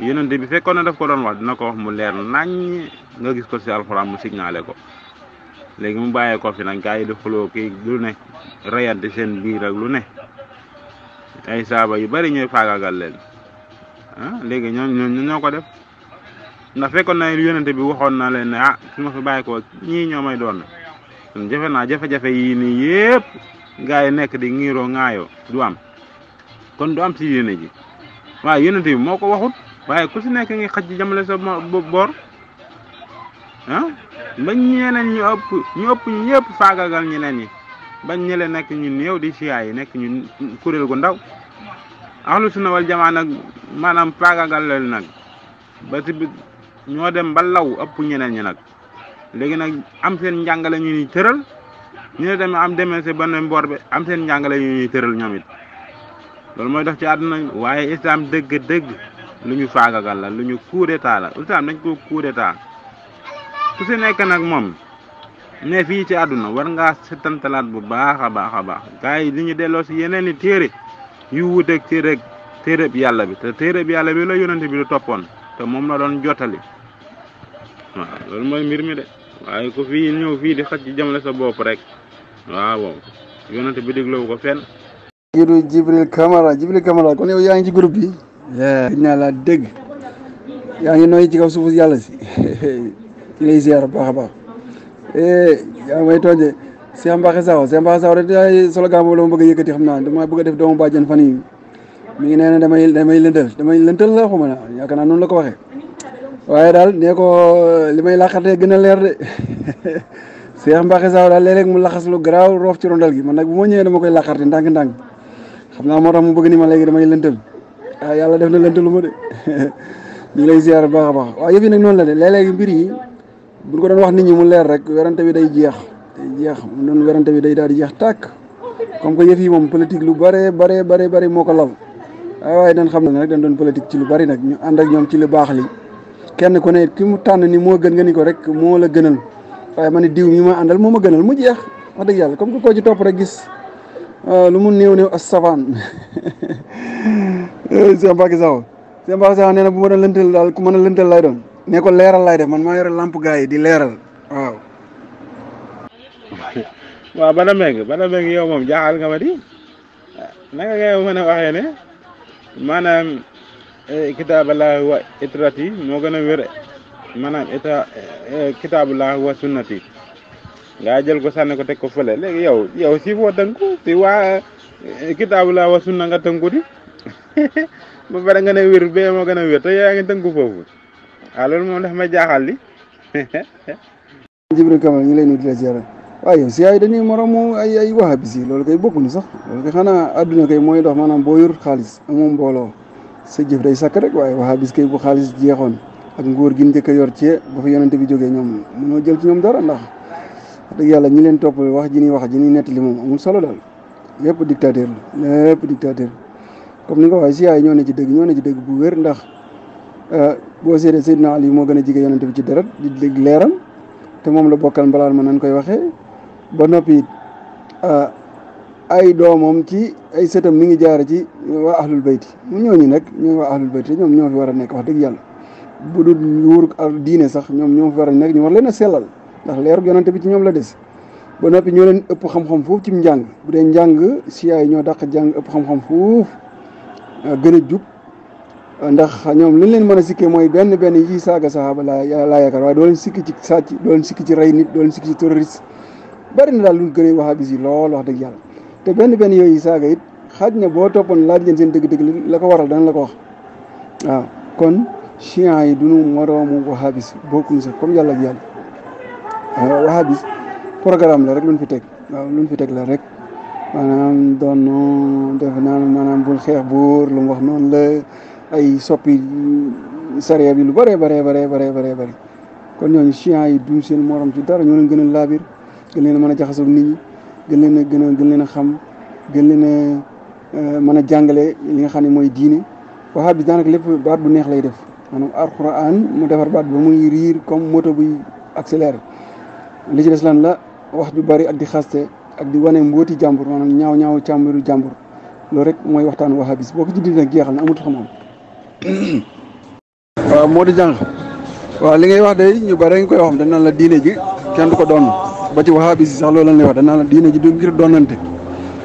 yonent bi fekkoon na def ko doon wax dina ko wax mu leer nàññ nga gis ko ci alxuraan mu signalé ko léegi mu bàyyeekoo fi nañ kay yi di xuloo kii lu ne rayante seen biir ak lu ne. ay saaba yu bari ñooy faagaagal leen ah léegi ñoom ñoo ko def ndax fekkoon na yonente bi waxoon na leen ne ah su ma fi bàyyi ko ñii ñoo may doon kon jafe naa jafe-jafe yii nii yépp gaa nekk di ngiiroo ŋaayoo du am kon du am si yéene ji waaye yonente bi moo ko waxut waaye ku si nekk ngi xaj jamale sa boor ah ba ñeneen ñu ëpp ñu ëpp ñëpp faagagal ñeneen yi bañ ñëlé nak ñun yow di siyaa yi ñun kurel gu ndaw ahlu sunna wal jamaa nak manam paga leen nak ba ci ño dem ba law ëpp ñeneen ñi nak légui nak am seen njàngale ñu ñuy teural ñu dem am démé ci benn mbor bi am seen njàngale ñu ñuy teural ñomit lool moy dox ci aduna waye islam deug deug luñu faga faagagal la lu coup d'état la islam dañ ko coup d'état ku ci nek nak mom ne fi ci aduna war nga setantalat bu baakha baakha baax a li ñu delo ci yeneeni téré yu wut ak téré téré bi te téereb yàlla bi la yonent bi lu toppoon te mom la doon jotali waaw lool moy mbir mi de waaye ko fii ñëw fii di xaj ci jamle sa bopp rek waaw yonent bi diglawu ko fenn giru jibril kamara jibril camara kon yow yaangi ci groupe bi yeah laa la deug yaangi noy ci kaw suuf yalla ci lay ziar baax baax Eh, yaa ngi may tooñ de Cheikh Mbacké Sakho Cheikh Mbacké Sakho de slogan boobu la ma bëgg a yëkkati xam naa dama bëgg a def doomu bàjjen fan yi mi ngi nee na damay damay lëntal damay lëntal la xuma naa yaakaar naa noonu la ko waxee waaye daal nee ko li may laqatee gën a leer de Cheikh Mbacké Sakho daal léeg mu laxas lu garaaw roof ci rondal ma ñëwee dama koy laqarte ndànk-ndànk xam naa moo ma léegi damay lëntal ah yàlla de ñu lay ziar bu baax a baax waaw yëf nag noonu la de léeg gi mbir buñ ko doon wax nit ñi mu leer rek wérante bi day jeex day jeex mu doon wérante bi day daal jeex tàkk comme que yëf yi moom politique lu bare bare bare bare moo ko law waaye waaye dañ xam ne rek dañ doon politique ci lu bari nag ñu ànd ak ñoom ci lu baax li kenn ku ne ki mu tànn ni moo gën nga ni ko rek moo la gënal waaye ma ne diw mi ma àndal moo ma gënal mu jeex wax dëgg yàlla comme que koo ci topp rek gis ah, lu mu néew néew as savaan sëñ Mbacke Sakho nee na bu ma doon lëntal daal ku mën a lay doon ne ko leral lay def man ma yore lampe gaay di leeral waaw. waaw bana meng bana meeng yow mom jaaxal nga ma di nga ngay meuna waxe waxee ne maanaam eh, kitaabullahi wa itrati mo gëna wër manam eta ita eh, kitaabullahi wa sunnati nga jël ko sànni ko tek ko fële léegi yow yow si foo tënku si waa eh, kitaabullahi wa sunna nga tënku di ba pare nga ne wër be mo gëna wër te ya nga tënku fofu waaw ah, loolu moom dafa may jaaxal li Jibril Kamal ñu lay nuyu la ziara waaye yow si yaay dañuy moromu ay ay wahabis yi loolu kay bokkuñu sax loolu kay xanaa adduna kay mooy dox maanaam boo yor xaalis amoo mbooloo sa jëf day sakk rek waaye wahabis kay bu xaalis jeexoon ak nguur gi njëkk yor ci ba fa yonente bi jógee ñoom mënoo jël ci ñoom dara ndax dëgg yàlla ñi leen topp wax ji ñuy wax ji ñuy nettali moom amul solo daal lépp dictateur la lépp dictateur comme ni nga ko si yaay ñoo ne ci dëgg ñoo ne ci dëgg bu wér ndax Eh, bo seede Seydina Ali mo gëna a yonent bi ci deret di léram té mom la bokkal mbalaal ma nan koy waxé ba euh ay domom ci ay sétam mi ngi jaar ci waa ahlul ñoo ñi nak ñoo waa ahlul bayt ñom ñoo fi wara a nekk wax dëgg yalla bu dul wóorug diiné sax ñom ñoo fi wara ñu war leena sélal ndax bi ci ñom la des ba nopi ñoo leen ëpp xam-xam foofu ci njàng bu njang ci ay ñoo dakk jang ëpp xam-xam eh, gëna ndax ñom liñ leen mëna a moy mooy benn benn yi saga sahaba la ya-, laa yaakaar waaye doo leen sikki ci sacc doo leen sikki ci ray nit doo leen sikki ci terroriste bari na daal lu gën a wahabis yi lool wax deug yalla te benn benn yi saga it xaj na boo toppoon laaj ngeen seen deug dëgg la ko waral dañ la ko wax wa kon chian yi duñu moroomu wahabis ñu sax comme yalla ak yalla wahabis programme la rek luñ fi tek waaw luñ fi tek la rek maanaam doon def naan manam bu xex bur lu wax non la ay soppi sariya bi lu bëree bare bëree bëree bëree bëri kon ñooñ chiant yi duñ seen morom ci dara ñoo leen gën a laabir gën leen a mën a jaxasoo nit ñi leen gën a gën leen a xam gën leen a euh, mën a jàngale li nga xam ne mooy diine waxaat bi daanaka lépp baat bu neex lay def maanaam alxuraan mu defar baat ba muy riir comme moto buy accéléré li ci des lan la wax ju bëri ak di xaste ak di wane mbooti jàmbur maanaam ñaaw ñaaw càmbaru jàmbur loolu rek mooy waxtaan wahabis boo ko ci dindi nag jeexal na amut xam-xam waaw moo di jàng waaw li ngay wax day ñu bare nga koy wax dañ naan la diine ji kenn du ko doon ba ci waxaa bi si sax loolu lañ lay wax dañ naan la diine ji du ngir donante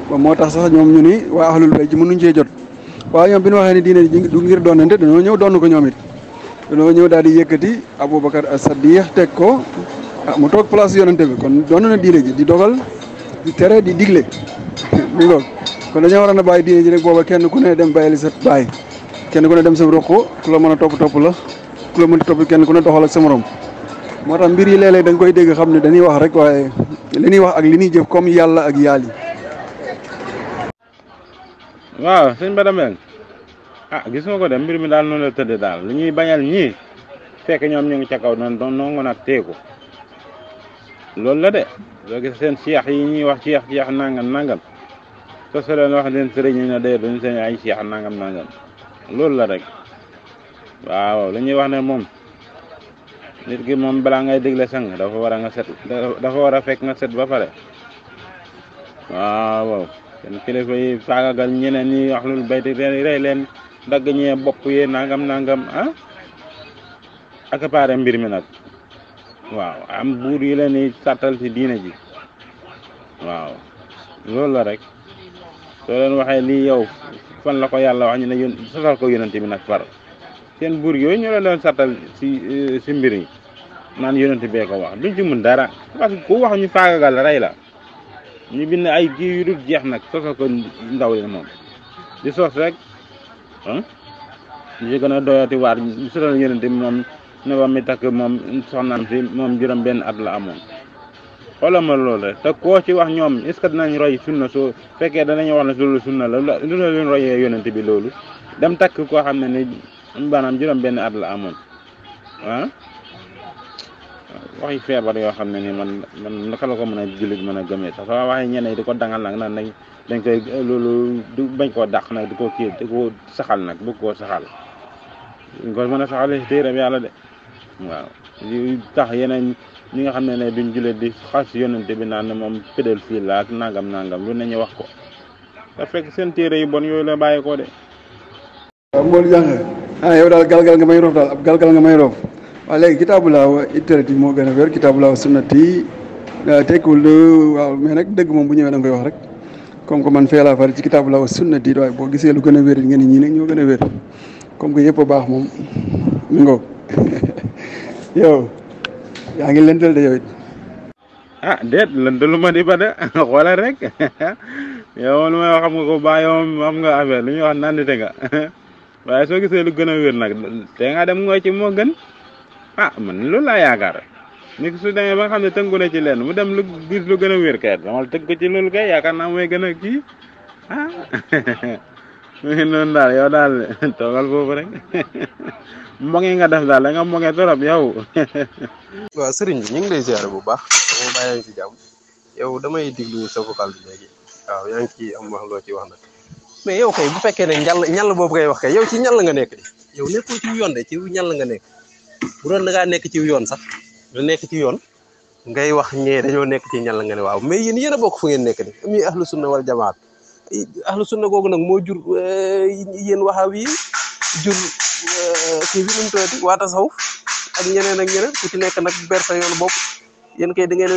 ba moo tax sax ñoom ñu ni waa ahlul bay ji mënuñ cee jot waaw bi ñu waxee ne diine ji du ngir doonante dañoo ñëw doon ko ñoom it dañoo ñëw daal di yëkkati Aboubacar as-Saddiq teg ko ah mu toog place yonante bi kon doon na diine ji di dogal di tere di digle muy loolu kon dañoo waroon a bàyyi diine ji rek booba kenn ku ne dem bàyyi li sa bàyyi kenn ku ne dem sa ruq ku la mën a topp topp la ku la a topp kenn ku ne doxol ak sa morom moo tax mbir yi léeg-léeg koy dégg xam ne dañuy wax rek waaye li ñuy wax ak li ñuy jëf comme yàlla ak yaal yi. waaw sëñ Badame ah gis nga ko dem mbir mi daal noonu la tëddee daal lu ñuy bañal ñii fekk ñoom ñu ngi ca kaw noonu doon nongu nag teeku loolu la de loo gis seen seex yi ñuy wax seex seex nangam nangam te soo wax de duñ seen ay seex nangam nangam. loolu la rek waaw li ñuy wax ne moom nit ki moom balaa ngay digle sang dafa war a nga set dafa war a fekk nga set ba pare waaw seen kilifa yi saagagal ñeneen ñi ahlul bayti rey leen dagg ñee bopp yee nangam nangam ah ak paare mbir mi nag waaw am buur yi leen di sàttal ci diine ji waaw loolu la rek soo leen waxee lii yow fan la ko yàlla wax ñu ne yón sosal ko yonente bi nag far seen buur yooyu ñoo leen doon sartal si eh, si mbir yi naan yonente bee ko wax duñ ci mun dara parce que ku wax ñu faagagal rey la ñu bind ay kii yu dul jeex nag sosal ko ndaw leen moom di sos rek ñu si na a doyati waar sosal yonente bi moom ne ba mi takk moom soxnaam si moom juróom benn at la amoon xoolal ma loolu te koo ci wax ñoom est ce que dinañ roy sunna soo fekkee danañ wax ne loolu sunna la lu la leen yonent bi loolu dem takk koo xam ne ni maanaam juróom benn at la amoon ah waxi feebar yoo xam ne ni man man naka la ko mën a jullit mën a gëmee sax soo waxee ñenn di ko dangal nag nag dañ koy loolu du bañ koo dàq nag di ko kii di ko saxal nag bu ko saxal ko mën a yàlla de waaw yu tax yeneen ñi nga xam ne duñ julee di xass yonenté bi naan ne moom pédal fii la ak nangam nangam lu ne wax ko da fekk sen téré yu bon yoy la bayé ko dé waaw mool jàng ah yow gal galgal nga may roof dal ab galgal nga may roof wa légui kitabullah wa ittarati mo gëna a kitabullah kitaabu laa wa sunnati ah, tekkul waaw mais nag dëgg moom bu ñëwee da nga wax rek kom ko man fela far ci kitabullah wa sunnati do bo gisé lu gëna a ngeen ñi nak ñoo gëna wër kom ko yépp yëpp baax moom ngok ngoog yow yang lentil deh ah dead lentil lu di ba kuala rek ya lu gitu, may ah, ya, kamu xam nga ko bàyyi moom am nga lu ñuy wax tega nga waaye soo lu gën a nak tega dem ngoo ci ah man loolu laa yaakaar nit su demee ba nga xam ne na ci len mu dem lu gis lu gën a ya wér kay damal tëgg ko ci loolu kay yaakaar naa mooy gën a ki ah noonu daal yow daal toogal foofu rek moŋee nga def daal da nga moŋee trop yow. waaw sëriñ bi ñu ngi lay ziare bu baax dama damay diglu sa vocal bi léegi waaw yaa ngi ciy wax loo ci wax mais yow bu fekkee ne ñàll ñàll boobu ngay wax kay yow ci ñàll nga nekk de yow nekkul ci yoon de ci ñàll nga nekk bu doon da ngaa nekk ci yoon sax nga nekk ci yoon ngay wax ñee dañoo nekk ci ñàll nga ne waaw mais yéen yéen a bokk fu ngeen nekk de muy ahlu sunna wal jamaat ahlu sunna googu nag moo jur eh, yéen waxaaw jur. kii bi numu tuddati waa tasawuf ak ñeneen ak ñeneen ku ci nekk nag ber sa yoon bopp yéen kay da ngeen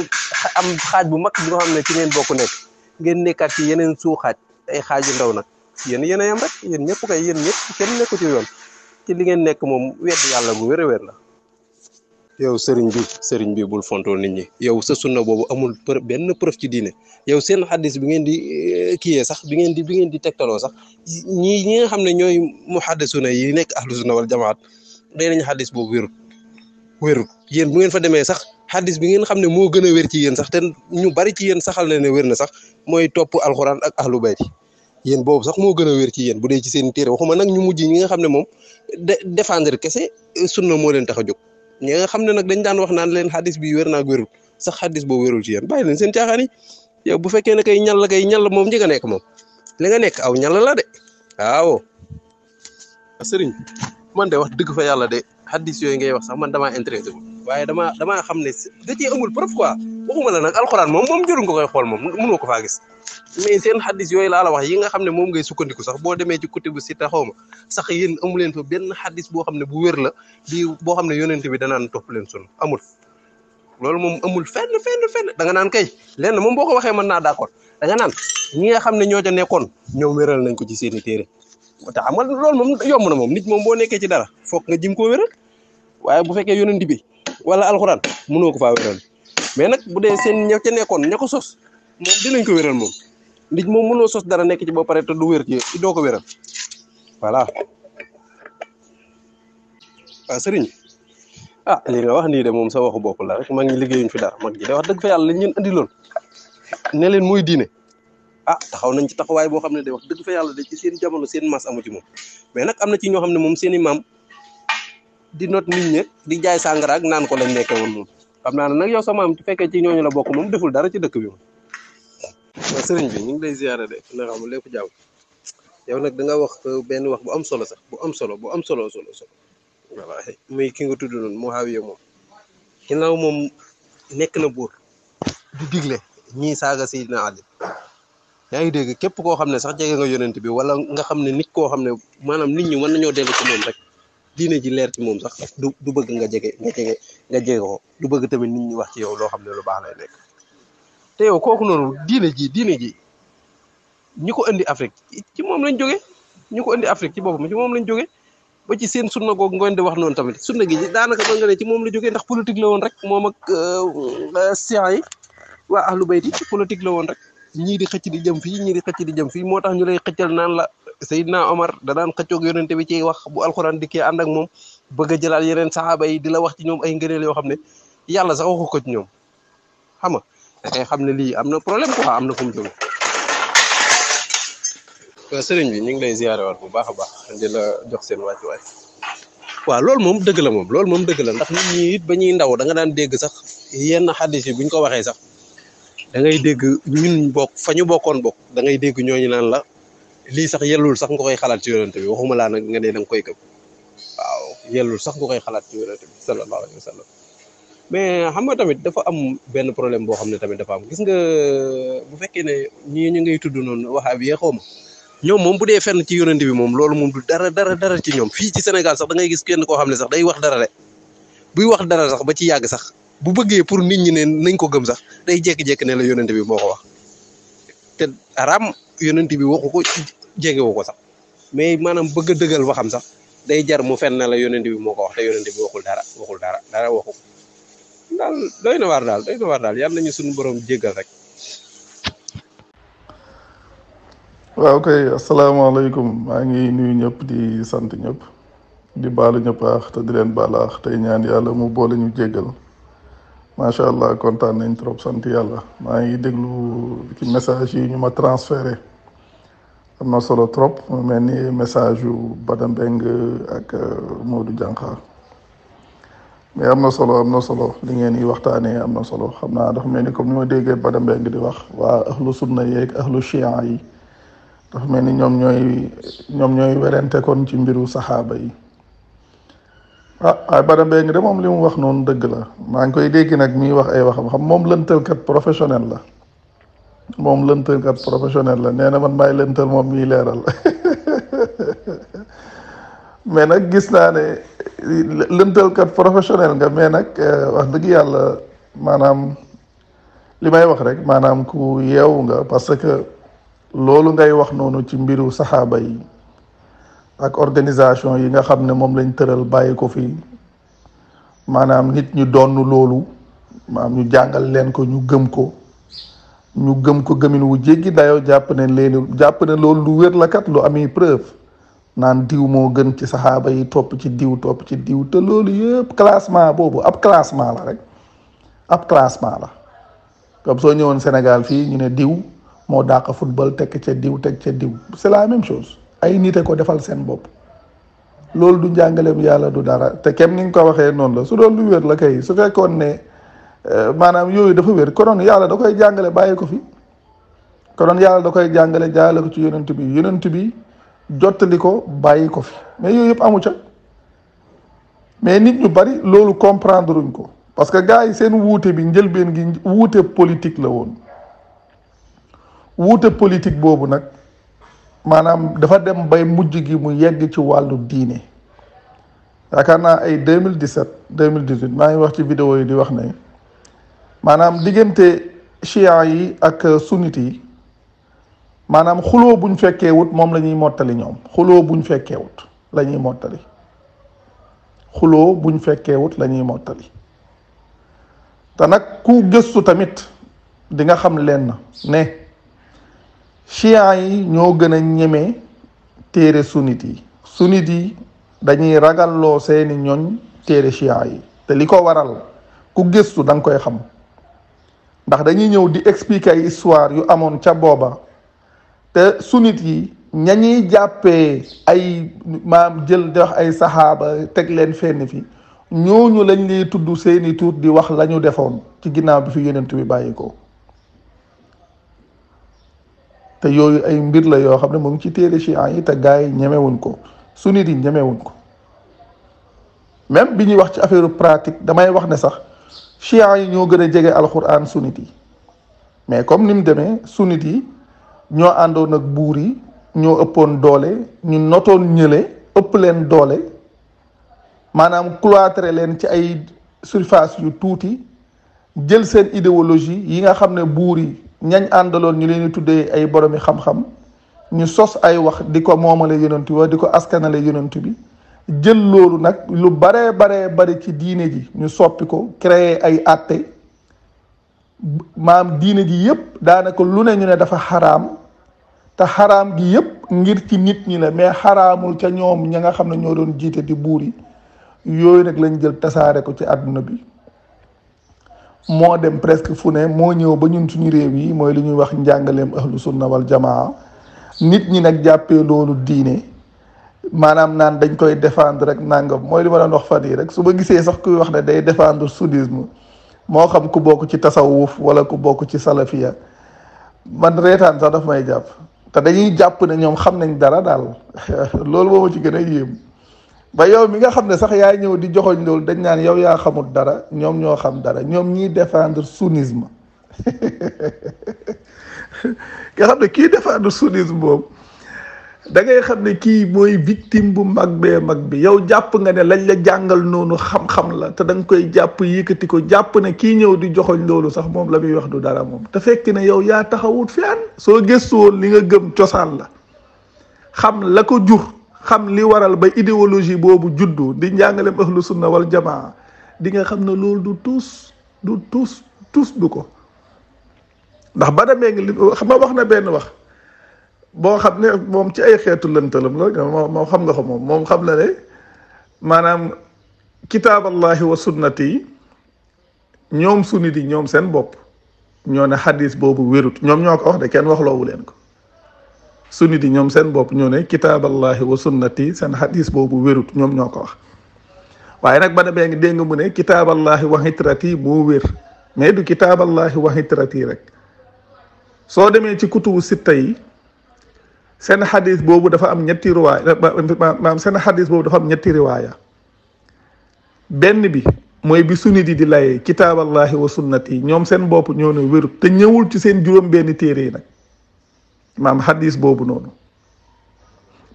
am xaaj bu mag bi nga xam ne ci ngeen bokk nekk ngeen nekkaat ci yeneen suu xaaj ay xaaj yu ndaw nag yéen yéen a yem rek yéen ñëpp kay yéen ñëpp kenn nekku ci yoon ci li ngeen nekk moom wedd yàlla gu wér a wér la yow sëriñ bi sëriñ bi bul fontoo nit ñi yow sa sunna boobu amul benn preuve ci diine yow seen xaddis bi ngeen di eh, kiyee sax bi ngeen di bi ngeen di tegtaloo sax ñi ñi nga xam ne ñooy muhaddisuna yi nekk ahlu sunna wal jamaat day nañ xaddis boobu wérut wérut yéen bu ngeen fa demee sax xaddis bi ngeen xam ne moo gën a ci yéen sax te ñu bari ci yéen saxal na ne wér na sax mooy topp alxuraan ak ahlu bayti yéen boobu sax moo gën a wér ci yéen bu dee ci seen téere waxuma nag ñu mujj ñi nga xam ne moom défendre kese sunna moo leen tax a jóg ñi nga xam ne nag dañ daan wax naan leen xadis bi wér naa ak wérul sax xadis boobu wérul ci yéen bàyyi leen seen caaxaan yi bu fekkee ne kay ñal la kay ñal la moom ñi nga nekk moom li nga nekk aw ñal la de waaw sëriñ man de wax dëgg fa yàlla de xadis yooy ngay wax sax man damaa intéressé waaye dama damaa xam ne da cee amul preuve quoi waxuma la moom moom jëru nga koy xool moom mënoo ko faa gis mais yooyu laa la wax yi nga xam ne moom ngay sukkandiku sax boo demee ci côté bu si taxaw ma sax yéen amu leen fa benn xaddis boo xam ne bu wér la bi boo xam ne yonent bi danaan topp leen sun amul loolu moom amul fenn da nga naan kay lenn moom boo ko waxee mën naa d'accord da nga naan ñi nga xam ne ñoo ca nekkoon ñoom wéral nañ ko ci seen i téere te loolu moom yomb na moom nit moom boo nekkee ci dara foog nga jim koo wéral waaye bu fekkee yonent bi wala alquran mënoo ko fa wéral mais nak bu dee seen ñaw ci nekkoon ñako sos mom dinañ ko wéral mom nit mom mënoo sos dara nekk ci bo paré té du wér ci do ko wéral voilà waaw ah, sëriñ ah li nga wax ni dé mom sa waxu bokku la rek ma ngi liggéeyuñ fi dara mag ji dé wax dëgg fa yalla liñ andi lool ne leen moy diiné ah taxaw nañ ci taxaway bo xamné dé wax dëgg fa yalla dé ci seen jamono seen mass amu ci mom mais nak amna ci ño xamné mom seen imam di not nit ñi di jaay sàngara ak naan ko lañ nekke woon moom xam naa ne nag yow sama am ci fekkee ci la bokk moom deful dara ci dëkk bi moom. waaw bi ñu ngi lay ziare de na xam lépp jàmm yow nag da wax euh, benn wax bu am solo sax bu am solo bu am solo solo muy ki nga tudd noonu Muawiya moom ginnaaw moom nekk na buur du digle ñii saaga Seydina Ali yaa ngi dégg képp koo xam ne sax jege nga yonent bi wala nga xam ne nit koo xam ne maanaam nit ñi mën nañoo dellu ci moom rek. diine ji leer ci moom sax du du bëgg nga jege nga jege nga du bëgg tamit nit ñi wax ci yow loo xam ne lu baax lay nekk te yow kooku noonu diine ji diine ji indi Afrique ci moom lañ jóge ñu ko indi Afrique ci boppam ci moom lañ jóge ba ci seen sunna googu ngoon di wax noonu tamit sunna gi daanaka mën nga ne ci moom la jógee ndax politique la woon rek moom a euh, euh, sian yi waa ahlu bayti politique la woon rek ñii di xëcc di jëm fii ñii di xëcc di jëm fii moo tax ñu lay xëccal naan la Seydina Omar danaan xëccoog yonente bi ci wax bu alxuraan dikkee ànd ak moom bëgg a yeneen saxaaba yi di la wax ci ñoom ay ngëneel yoo xam ne yàlla sax waxu ko ci ñoom xam nga da xam ne lii am na problème quoi am na fu mu jóge euh, waaw sëriñ bi ñu ngi lay ziarewaat bu baax a baax di la jox seen wàccuwaay waaw loolu moom dëgg la moom loolu moom dëgg la ndax nit ñi it ba ñuy ndaw da daan dégg sax yenn xaddis yi bu ñu ko waxee sax da ngay dégg ñun bokk fa ñu bokkoon bokk da ngay dégg ñooñu naan la lii sax yellul sax nga koy xalaat ci yonente bi waxuma laa nag nga ne da nga koy gëm waaw yellul sax nga koy xalaat ci yonente bi sallallahu mais xam nga tamit dafa am benn problème boo xam ne tamit dafa am gis nga bu fekkee ne ñii ñu ngay tudd noonu waxaab yee xaw ma ñoom moom bu dee fenn ci yonente bi moom loolu moom du dara dara dara ci ñoom fii ci Sénégal sax da ngay gis kenn koo xam ne sax day wax dara buy wax dara sax ba ci yàgg sax bu bëggee pour nit ñi ne nañ ko gëm sax day jékki-jékki ne la yonente bi moo ko wax te araam yonente bi waxu jégewu woko sax mais manam bëgg dëggal waxam sax day jar mu fenn la yonent bi moko wax te yonent bi waxul dara waxul dara dara waxu dal doyna war dal doyna war dal yalla ñu suñu borom jéggal rek wa ok assalamu alaykum ma ngi nuyu ñëpp di sant ñëpp di balu ñëpp aax te di leen baal aax tey ñaan yalla mu boole ñu jéggal ma sha allah kontaan nañ trop sant yalla ma ngi déglu ci message yi ñuma transféré am na solo trop mu mel ni message yu Bada Mbengue ak euh, du Diankha mais am na solo am na solo li ngeen di waxtaanee am na solo xam naa dafa mel ni comme ni ma déggee Bada di wax waa ahlu sunna yeeg ahlu chian yi dafa mel ni ñoom ñooy ñoom ñooy werante kon ci mbiru saxaaba yi ah waaye Bada Mbengue de moom li mu wax noonu dëgg la maa ngi koy dégg nag miy wax ay waxam xam moom lëntalkat professionnel la moom lëntalkat professionnel la nee na man maay lëntal moom ñuy leeral mais nag gis naa ne lëntalkat professionnel nga mais nag euh, wax dëgg yàlla maanaam li may wax rek maanaam ku yeewu nga parce que loolu ngay wax noonu ci mbiru saxaaba yi ak organisation yi nga xam ne moom lañ tëral bàyyi ko fii maanaam nit ñu donn loolu maam ñu jàngal leen ko ñu gëm ko ñu gëm ko gëmin wu jéggi dayoo jàpp ne léegi jàpp ne loolu lu wér la kat lu amee preuve naan diw moo gën ci saxaaba yi topp ci diw topp ci diw te loolu yëpp classement boobu ab classement la rek ab classement la comme soo ñëwoon Sénégal fii ñu ne diw moo dàq football tekk ca diw teg ca diw c'est la même chose ay nite ko defal seen bopp loolu du njàngaleem yàlla du dara te kem ni nga ko waxee noonu la su doon lu wér la kay su fekkoon ne. Euh, maanaam yooyu dafa wér konoon yàlla da koy jàngale bàyyi ko fi konoon yàlla da koy jàngale jaarale ko ci yonent bi yonent bi jottali ko bàyyi ko fi mais yooyu yëpp amu ca mais nit ñu bari loolu comprendre ruñ ko parce que gars yi seen wuute bi njëlbeen gi wuute politique la woon wuute politique boobu nag maanaam dafa dem bay mujj gi mu yegg ci wàllu diine yaakaar naa ay 2017 2018 maa ngi wax ci vidéo yi di wax ne. maanaam diggante chia yi ak sunnit yi maanaam xuloo buñ fekkee wut moom la ñuy mottali ñoom xuloo buñ fekkee wut la ñuy mottali xuloo buñ fekkee wut la mottali te nag ku gëstu tamit di nga xam lenn ne chia yi ñoo gën a ñeme téere sunnit yi sunnit yi dañuy ragalloo seeni ñoñ téere chia yi te li ko waral ku gëstu da nga koy xam ndax dañuy ñëw di expliquer ay histoire yu amoon ca booba te sunit yi ñañuy jàppee ay maam jël di wax ay saxaaba teg leen fenn fi ñooñu lañ lay tudd seeni tuut di wax lañu ñu defoon ci ginnaaw bi fi yonent bi bàyyi ko te yooyu ay mbir la yoo xam ne mu ngi ci téere chiites yi te gars yi ñemewuñ ko sunnit yi ñemewuñ ko même bi ñuy wax ci affaire pratique damay wax ne sax chia yi ñoo gën a jege alxuraan sunnit yi mais comme ni mu demee sunnit yi ñoo àndoon ak buur yi ñoo ëppoon doole ñu notoon ñële ëpp leen doole maanaam cloître leen ci ay surface yu tuuti jël seen idéologie yi nga xam ne buur yi ñañ àndaloon ñu leen di tuddee ay boromi xam-xam ñu sos ay wax di ko moomale yonent wa di ko askanale yonent bi jël loolu nag lu bare bare bari ci diine ji ñu soppi ko créer ay àtte maam diine ji yépp daanaka lu ne ñu ne dafa xaraam te xaram gi yépp ngir ci nit ñi la mais xaramul ca ñoom ña nga xam ne ñoo doon jiite di buur yi yooyu nag lañ jël tasaare ko ci àdduna bi moo dem presque fu ne moo ñëw ba ñun suñu réew yi mooy li ñuy wax njàngaleem ahlu sunna wal jamaa nit ñi nag jàppee loolu diine maanaam naan dañ koy défendre rek nangam mooy li ma doon wax fan yi rek su ma gisee sax kuy wax ne day défendre soudisme moo xam ku bokk ci tasawuf wala ku bokk ci salafiya man reetaan sax daf may jàpp te dañuy jàpp ne ñoom xam nañ dara daal loolu moo ci gën a yéem ba yow mi nga xam ne sax yaa ñëw di joxoñ loolu dañ naan yow yaa xamul dara ñoom xam dara ñoom ñiy défendre sunnisme nga xam ne kii défendre sunnisme boobu da ngay xam ne kii mooy victime bu mag bee mag bi yow jàpp nga ne lañ la jàngal noonu xam-xam la te da koy jàpp yëkkati ko jàpp ne kii ñëw di joxoñ loolu sax moom la muy wax du dara moom te fekk ne yow yaa taxawut fenn soo gëstu woon li nga gëm cosaan la xam la ko jur xam li waral ba idéologie boobu juddu di njàngaleem ahlu na wal jamaa di nga xam ne loolu du tuus du tuus tuus du ko ndax ba demee ngi li xam wax na benn wax boo xam ne moom ci ay xeetu lëntalam la moom xam nga ko moom moom xam na ne maanaam kitaaballahi wa sunnati ñoom sunni di ñoom seen bopp ñoo ne xadis boobu wérut ñoom ñoo ko wax de kenn waxloowu leen ko sunni di ñoom seen bopp ñoo ne kitaaballahi wa sunnati seen xadis boobu wérut ñoom ñoo ko wax waaye nag ba demee ngi dégg mu ne kitaaballahi wa hitrati moo wér mais du kitaaballahi wa hitrati rek soo demee ci kutubu sitta yi seen xadis boobu dafa am ñetti riwaaya xadis boobu dafa am benn bi mooy bi sunni di di layee kitaaballahi wa sunnati ñoom seen bopp ñoo ne wérut te ñëwul ci seen juróom benn téere yi nag maam xadis boobu noonu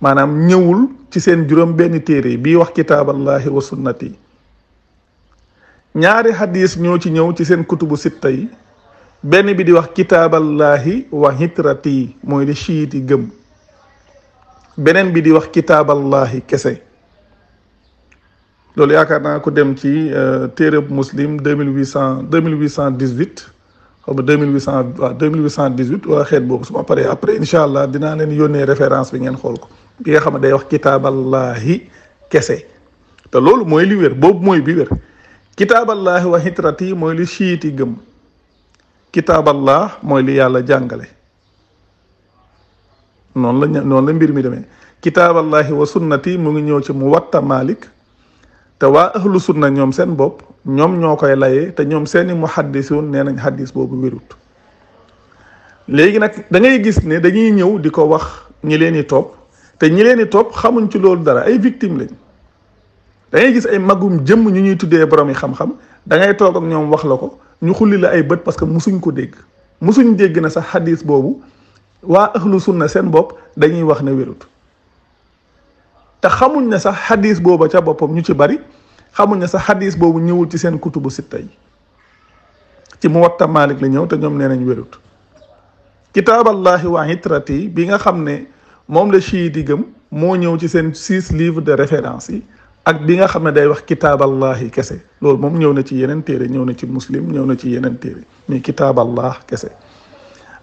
maanaam ñëwul ci seen juróom benn téere yi bii wax kitaaballahi wa sunnati ñaari xadis ñoo ci ñëw ci seen kutubu sitta yi benn bi di wax kitaaballahi wa hitrati mooy li chiit yi gëm beneen bi di wax kitaaballahi kese loolu yaakaar naa ko dem ci euh, téereb muslim deux mille huit cent deux mille huit cent dix huit xaw ma deux mille huit cent waaw deux mille huit cent dix huit wala xeet boobu su ma paree après incha allah dinaa leen yónnee référence bi ngeen xool ko bi nga xam ne day wax kitaaballahi kese te loolu mooy li wér boobu mooy bi wér kitaaballahi wa hitrati mooy li chiiti gëm kitaaballah mooy li yàlla jàngale noonu la noonu la mbir mi demee kitaaballahi wa sunnati mu ngi ñëw ci mu muwatta malik te waa ahlu sunna ñoom seen bopp ñoom ñoo koy layee te ñoom seeni muhaddisuun nee nañ xaddis boobu wérut léegi nag dangay gis ne dañuy ñëw di ko wax ñi leen di topp te ñi leen di topp xamuñ ci loolu dara ay victime lañ dangay gis ay magum jëmm ñu ñuy tuddee borom yi xam-xam da ngay toog ak ñoom wax la ko ñu xulli la ay bët parce que musuñ ko dégg musuñ dégg na sax xaddis boobu wa ahlu sunna sen bop dañuy wax ne wérut ta xamuñ ne sax hadith booba ca bopam ñu ci bari xamuñ ne sax hadith bobu ñëwul ci sen kutubu sittay yi ci Muwatta Malik la ñëw te ñom nenañ wérut kitab allah wa hitrati bi nga xamne mom la shi di gëm mo ñëw ci sen 6 livres de référence yi ak bi nga xamne day wax kitab allah kesse lool mom ñëw na ci yenen téré ñëw na ci muslim ñëw na ci yenen téré mais kitab allah kesse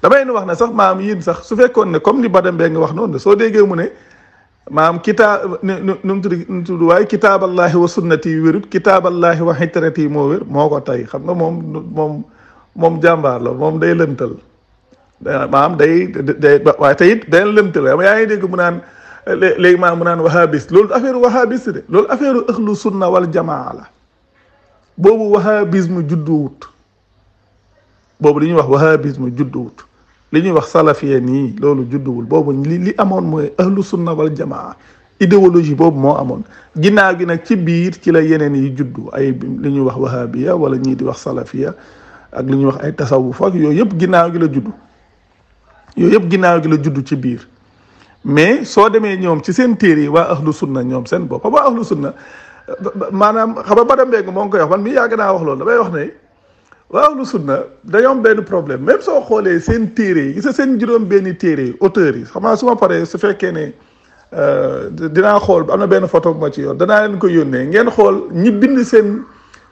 damay nu wax ne sax maam yiin sax su fekkoon ne comme ni Bada Mbengue nga wax noonu soo déggee mu ne maam kitaab nu mu tudd nu mu tudd waaye kitaaballahi wa sunnati wérut kitaaballahi wa xitrati moo wér moo ko tey xam nga moom moom moom jàmbaar la moom day lëntal maam day day waaye tey it day lëntal ama yaa ngi dégg mu naan léegi maam mu naan wahabis loolu affaire wahabis de loolu affaire ahlu sunna wal jamaa la boobu wahabisme judduwut boobu li ñuy wax wahabisme judduwut li ñuy wax salafiyé ni lolu judduwul bobu li li amoon mooy ahlu sunna wal jamaa idéologie bobu mo amone ginaaw gi nak ci biir ci la yenen yi juddu ay li ñuy wax wahabiyya wala ñi di wax salafiyya ak li ñuy wax ay tasawuf ak yoy yep ginaaw gi la juddu yoy yep ginaaw gi la juddu ci biir mais so démé ñom ci sen téré wa ahlus sunna ñom sen bop waa ahlus sunna manam xaba nga Bada Mbengue moo ngi koy wax man mi yàgg naa wax da bay wax ne waaw lu sunna dañoo am benn problème même soo xoolee seen téere yi gis seen juróom benni téere yi auteurs yi xam naa paree su fekkee ne euh, dinaa xool am na benn photo ma ci yor danaa leen ko yónnee ngeen xool ñi bind seen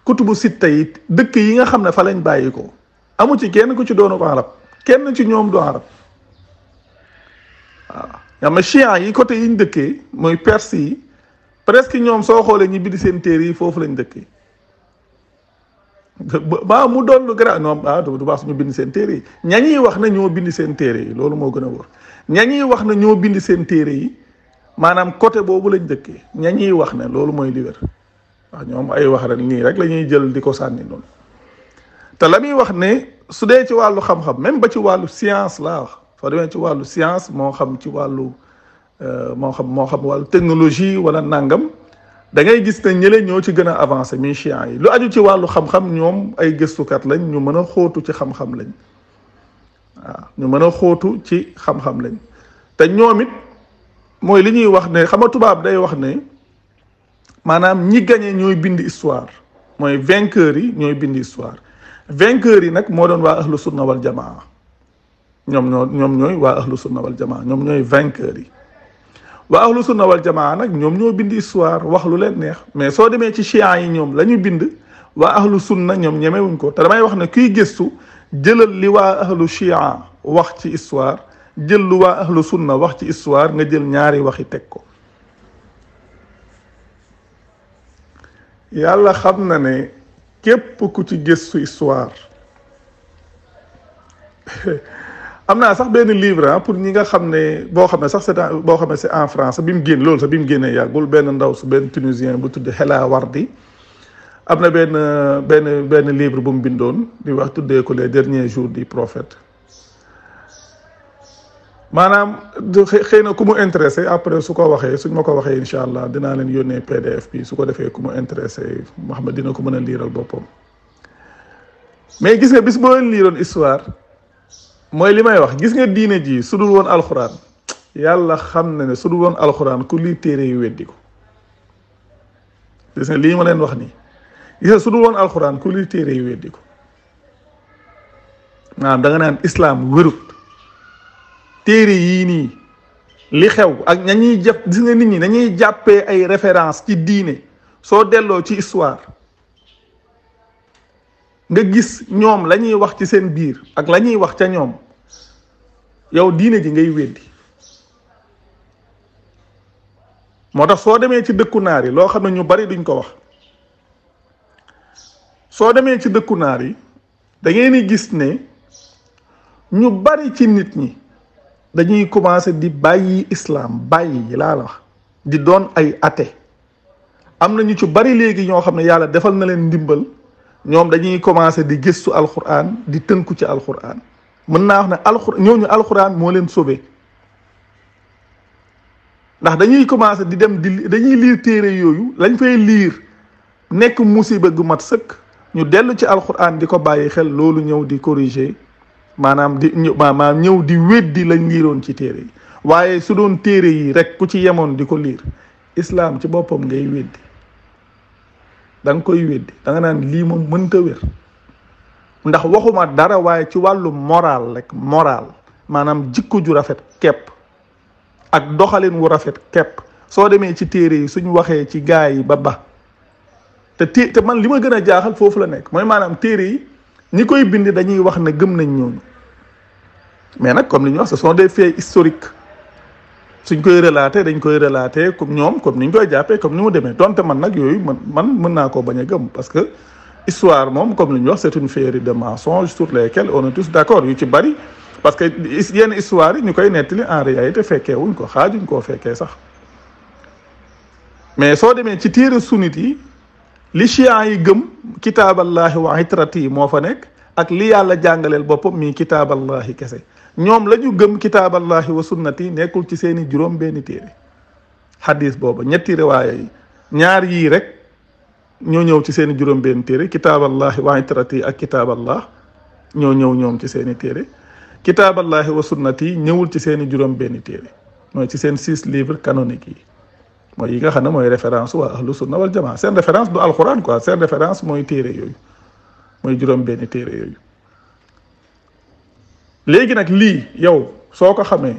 kutubu sit yi dëkk yi nga xam ne fa lañ bàyyi ko amu ci kenn ku ci doonu ko arab kenn ci ñoom du arab waaw nga ma chiens yi côté yiñ dëkkee mooy perse yi presque ñoom soo xoolee ñi bind seen téere yi foofu lañ dëkkee ba mu doon lu a non ah du baax ñu bind seen téere yi ña wax na ñoo bind seen téere yi loolu moo gën a wóor ña ñuy wax na ñoo bind seen téere yi maanaam côté boobu lañ dëkkee ña ñuy wax ne loolu mooy li wér waaw ñoom ay wax rek nii rek la ñuy jël di ko sànni noonu te la muy wax ne su dee ci wàllu xam-xam même ba ci wàllu science laa wax soo demee ci wàllu science moo xam ci wàllu euh, moo xam moo xam wàllu technologie wala nangam da ngay gis ne ñële ñoo ci gëna avancer avancé mi chiites yi lu aju ci walu xam xam-xam ñom ay gëstu kat lañ ñu mëna xóotu ci xam-xam lañ waaw ñu mëna xóotu ci xam-xam lañ te ñomit moy li ñuy wax ne xam nga tubaab day wax ne manam ñi gagné ñoy bind histoire moy vainqueur yi ñoy bind histoire vainqueur yi nak mo doon wa ahlus sunna wal jamaa ñom ñoo ñoom ñooy waa sunna wal jamaa ñom ñoy vainqueur yi waa ahlu sunna wal jamaa nag ñoom ñoo bind histoire wax lu leen neex mais soo demee ci chiites yi ñoom la ñu bind waa ahlu sunna ñoom ñemewuñ ko te damay wax ne kuy gëstu jëlal li waa ahlu chiite wax ci histoire jël lu waa ahlu sunna wax ci histoire nga jël ñaari waxi teg ko yàlla xam na ne képp ku ci gëstu histoire am naa sax benn livre pour ñi nga xam ne boo xam ne sax c'est boo xam ne c'est en France bi mu génn loolu sax bi mu génnee yàggul benn ndaw su benn tunisien bu tudd Hela Wardi am na benn benn benn livre bu mu bindoon di wax tuddee ko les derniers jours du prophète maanaam xëy na ku mu intéressé après su ko waxee suñ ma ko waxee incha allah dinaa leen yónnee PDF bi su ko defee ku mu intéressé Mouhamed dina ko mën a liiral boppam mais gis nga bis boo leen liiroon histoire. mooy li may wax gis nga diine ji su dul woon alxuraan yàlla xam na ne su dul woon alxuraan ku lii téere yu weddi ko gis nga lii ma leen wax ni gis nga su dul woon alxuraan ku lii téere yu weddi ko maanaam da nga naan islam wérut téere yii nii li xew ak ña ñuy jàpp gis nga nit ñi nañuy jàppee ay référence ci diine soo delloo ci histoire nga gis ñoom la ñuy wax ci seen biir ak la ñuy wax ca ñoom yow diine ji ngay weddi moo tax soo demee ci dëkku naar yi loo xam ne ñu bari duñ ko wax soo demee ci dëkku naar yi dangeen di gis ne ñu bari ci nit ñi dañuy commencé di bàyyi islaam bàyyi laa la di doon ay ate am na ñu ci bari léegi ñoo xam ne yàlla defal na leen ndimbal ñoom dañuy commencé di gëstu alxuraan di tënku ci alxuraan mën naa wax ne alxur ñooñu alxuraan moo leen sauvé ndax dañuy commencé di dem di dañuy liir téere yooyu lañ fay liir nekk musiba gu mat sëkk ñu dellu ci alxuraan di ko bàyyi xel loolu ñëw di corriger maanaam di maanaam ñëw di weddi lañ liiroon ci téere yi waaye su doon téere yi rek ku ci yemoon di ko liir islaam ci boppam ngay weddi da nga koy weddi danga naan lii moom mënta wér ndax waxuma dara waaye ci wàllu moral rek moral maanaam jikko ju rafet kepp ak doxalin wu rafet kepp soo demee ci téere yi suñ waxee ci gaa yi ba ba te té te man li ma gën a jaaxal foofu la nekk mooy maanaam téere yi ñi koy bind dañuy wax ne gëm nañ ñooñu mais nag comme li ñuy wax ce soo des faits historiques suñ koy relater dañ koy relater comme ñoom comme ni ñu koy jàppee comme ni mu demee donte man nag yooyu man man mën naa koo bañ a gëm parce que histoire moom comme li ñu wax c'est une féerie de mensonges sur lesquels on est tous d'accord yu ci bari parce que yenn histoire yi ñu koy nettali en réalité fekkee wuñ ko xaajuñ koo fekkee sax mais soo demee ci téere sunnit yi li chiites yi gëm kitaaballahi wa itrati moo fa nekk ak li yàlla jàngaleel boppam mii kitaaballahi kese ñoom la ñu gëm kitaaballahi wa sunnati nekkul ci seeni juróom benni téere xadis booba ñetti riwaaya ñaar yii rek ñoo ñëw ci seeni juróom benni téere kitaaballahi wa itrati ak kitaaballah ñoo ñëw ñoom ci seeni téere kitaaballahi wa sunnati ñëwul ci seeni juróom benni téere mooy ci seen six livres canoniques yi mooy yi nga xam ne mooy référence waa ahlu sunna wal jamaa seen référence du alquran quoi seen référence mooy téere mooy juróom benni téere yooyu léegi nag lii yow soo ko xamee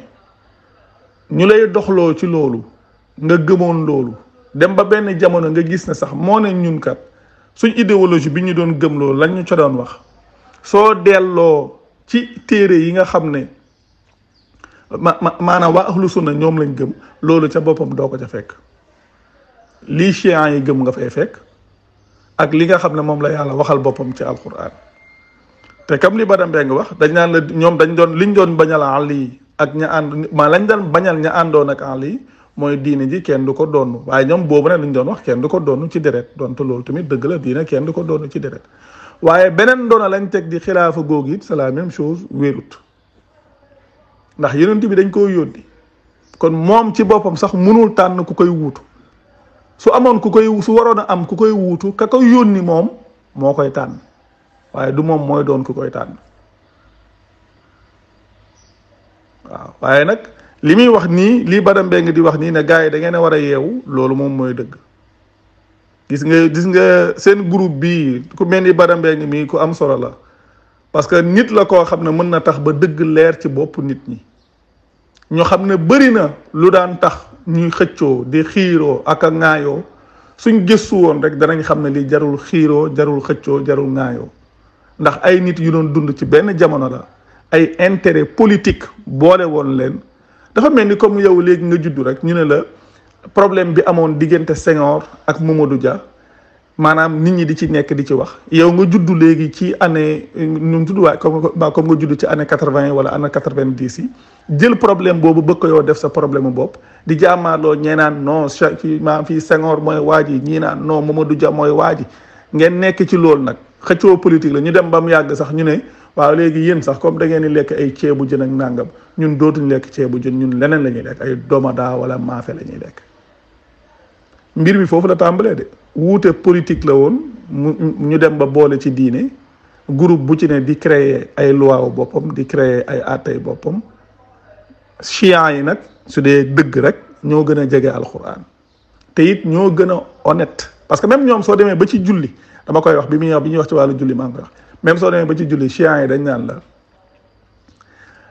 ñu lay doxloo ci loolu nga gëmoon loolu dem ba benn jamono nga gis ne sax moo ne ñun kat suñ idéologie bi ñu doon gëm loolu lañ ñu ca doon wax soo delloo ci téere yi nga xam ne ma maanaam waa ahlu sunna ñoom lañ gëm loolu ca boppam doo ko ca fekk lii chiites yi gëm nga fay fekk ak li nga xam ne moom la yàlla waxal boppam ci alquran te comme li Bada Mbengue wax dañ naan la ñoom dañ doon liñ doon bañal Ali ak ña ànd ma lañ doon bañal ña àndoon ak Ali mooy diine ji kenn du ko doon waaye ñoom boobu nag liñ doon wax kenn du ko doon ci deret donte loolu tamit dëgg la diine kenn du ko doonu ci deret waaye beneen doona lañ teg di xilaafa goog it c'est la même chose wérut ndax yonent bi dañ koo yónni kon moom ci boppam sax munul tànn ku koy wuutu su amoon ku koy su waroon a am ku koy wuutu ka koy yónni moom moo koy tànn. waaye du moom mooy doon ku koy tànn waaw waaye nag li muy wax nii lii Badam Mbengue di wax nii ne gaa yi da ngeen a war a yeewu loolu moom mooy dëgg gis nga gis nga seen groupe bi ku mel ni Badam Mbengue mii ku am solo la parce que nit la koo xam ne mën na tax ba dëgg leer ci bopp nit ñi ñu xam ne bari na lu daan tax ñuy xëccoo di xiiroo ak a ŋaayoo suñ gëstu woon rek danañ xam ne li jarul xiiroo jarul xëccoo jarul ŋaayoo ndax ay nit yu doon dund ci benn jamono la ay intérêt politique boole woon leen dafa mel ni comme yow léegi nga juddu rek ñu ne la problème bi amoon diggante Senghor ak Mamadou Dia maanaam nit ñi di ci nekk di ci wax yow nga juddu léegi ci année nu mu tudd waaye comme comme nga juddu ci année quatre vingt wala année quatre vingt dix yi jël problème boobu bëgg ko yow def sa problème mu bopp di jaamaaloo ñeenaan naan non fii maanaam fii Senghor mooy waa ji ñii naan non Mamadou Dia mooy waa ji ngeen nekk ci loolu nag. xëccoo politique la ñu dem ba mu yàgg sax ñu ne waaw léegi yéen sax comme da ngeen di lekk ay ceebu jën ak nàngam ñun dootuñ lekk ceebu jën ñun leneen lañuy ñuy lekk ay domada wala maafe la ñuy lekk mbir mi foofu la tàmbalee de wuute politique la woon mu ñu dem ba boole ci diine groupe bu ci ne di créer ay loi boppam di créer ay attay boppam chiites yi nag su dee dëgg rek ñoo gën a jege alxuraan te it ñoo gën a honnête parce que même ñoom soo demee ba ci julli dama koy wax bi muy wax bi ñuy wax ci wàllu julli maa ngi koy wax même soo ba ci julli chiites yi dañ naan la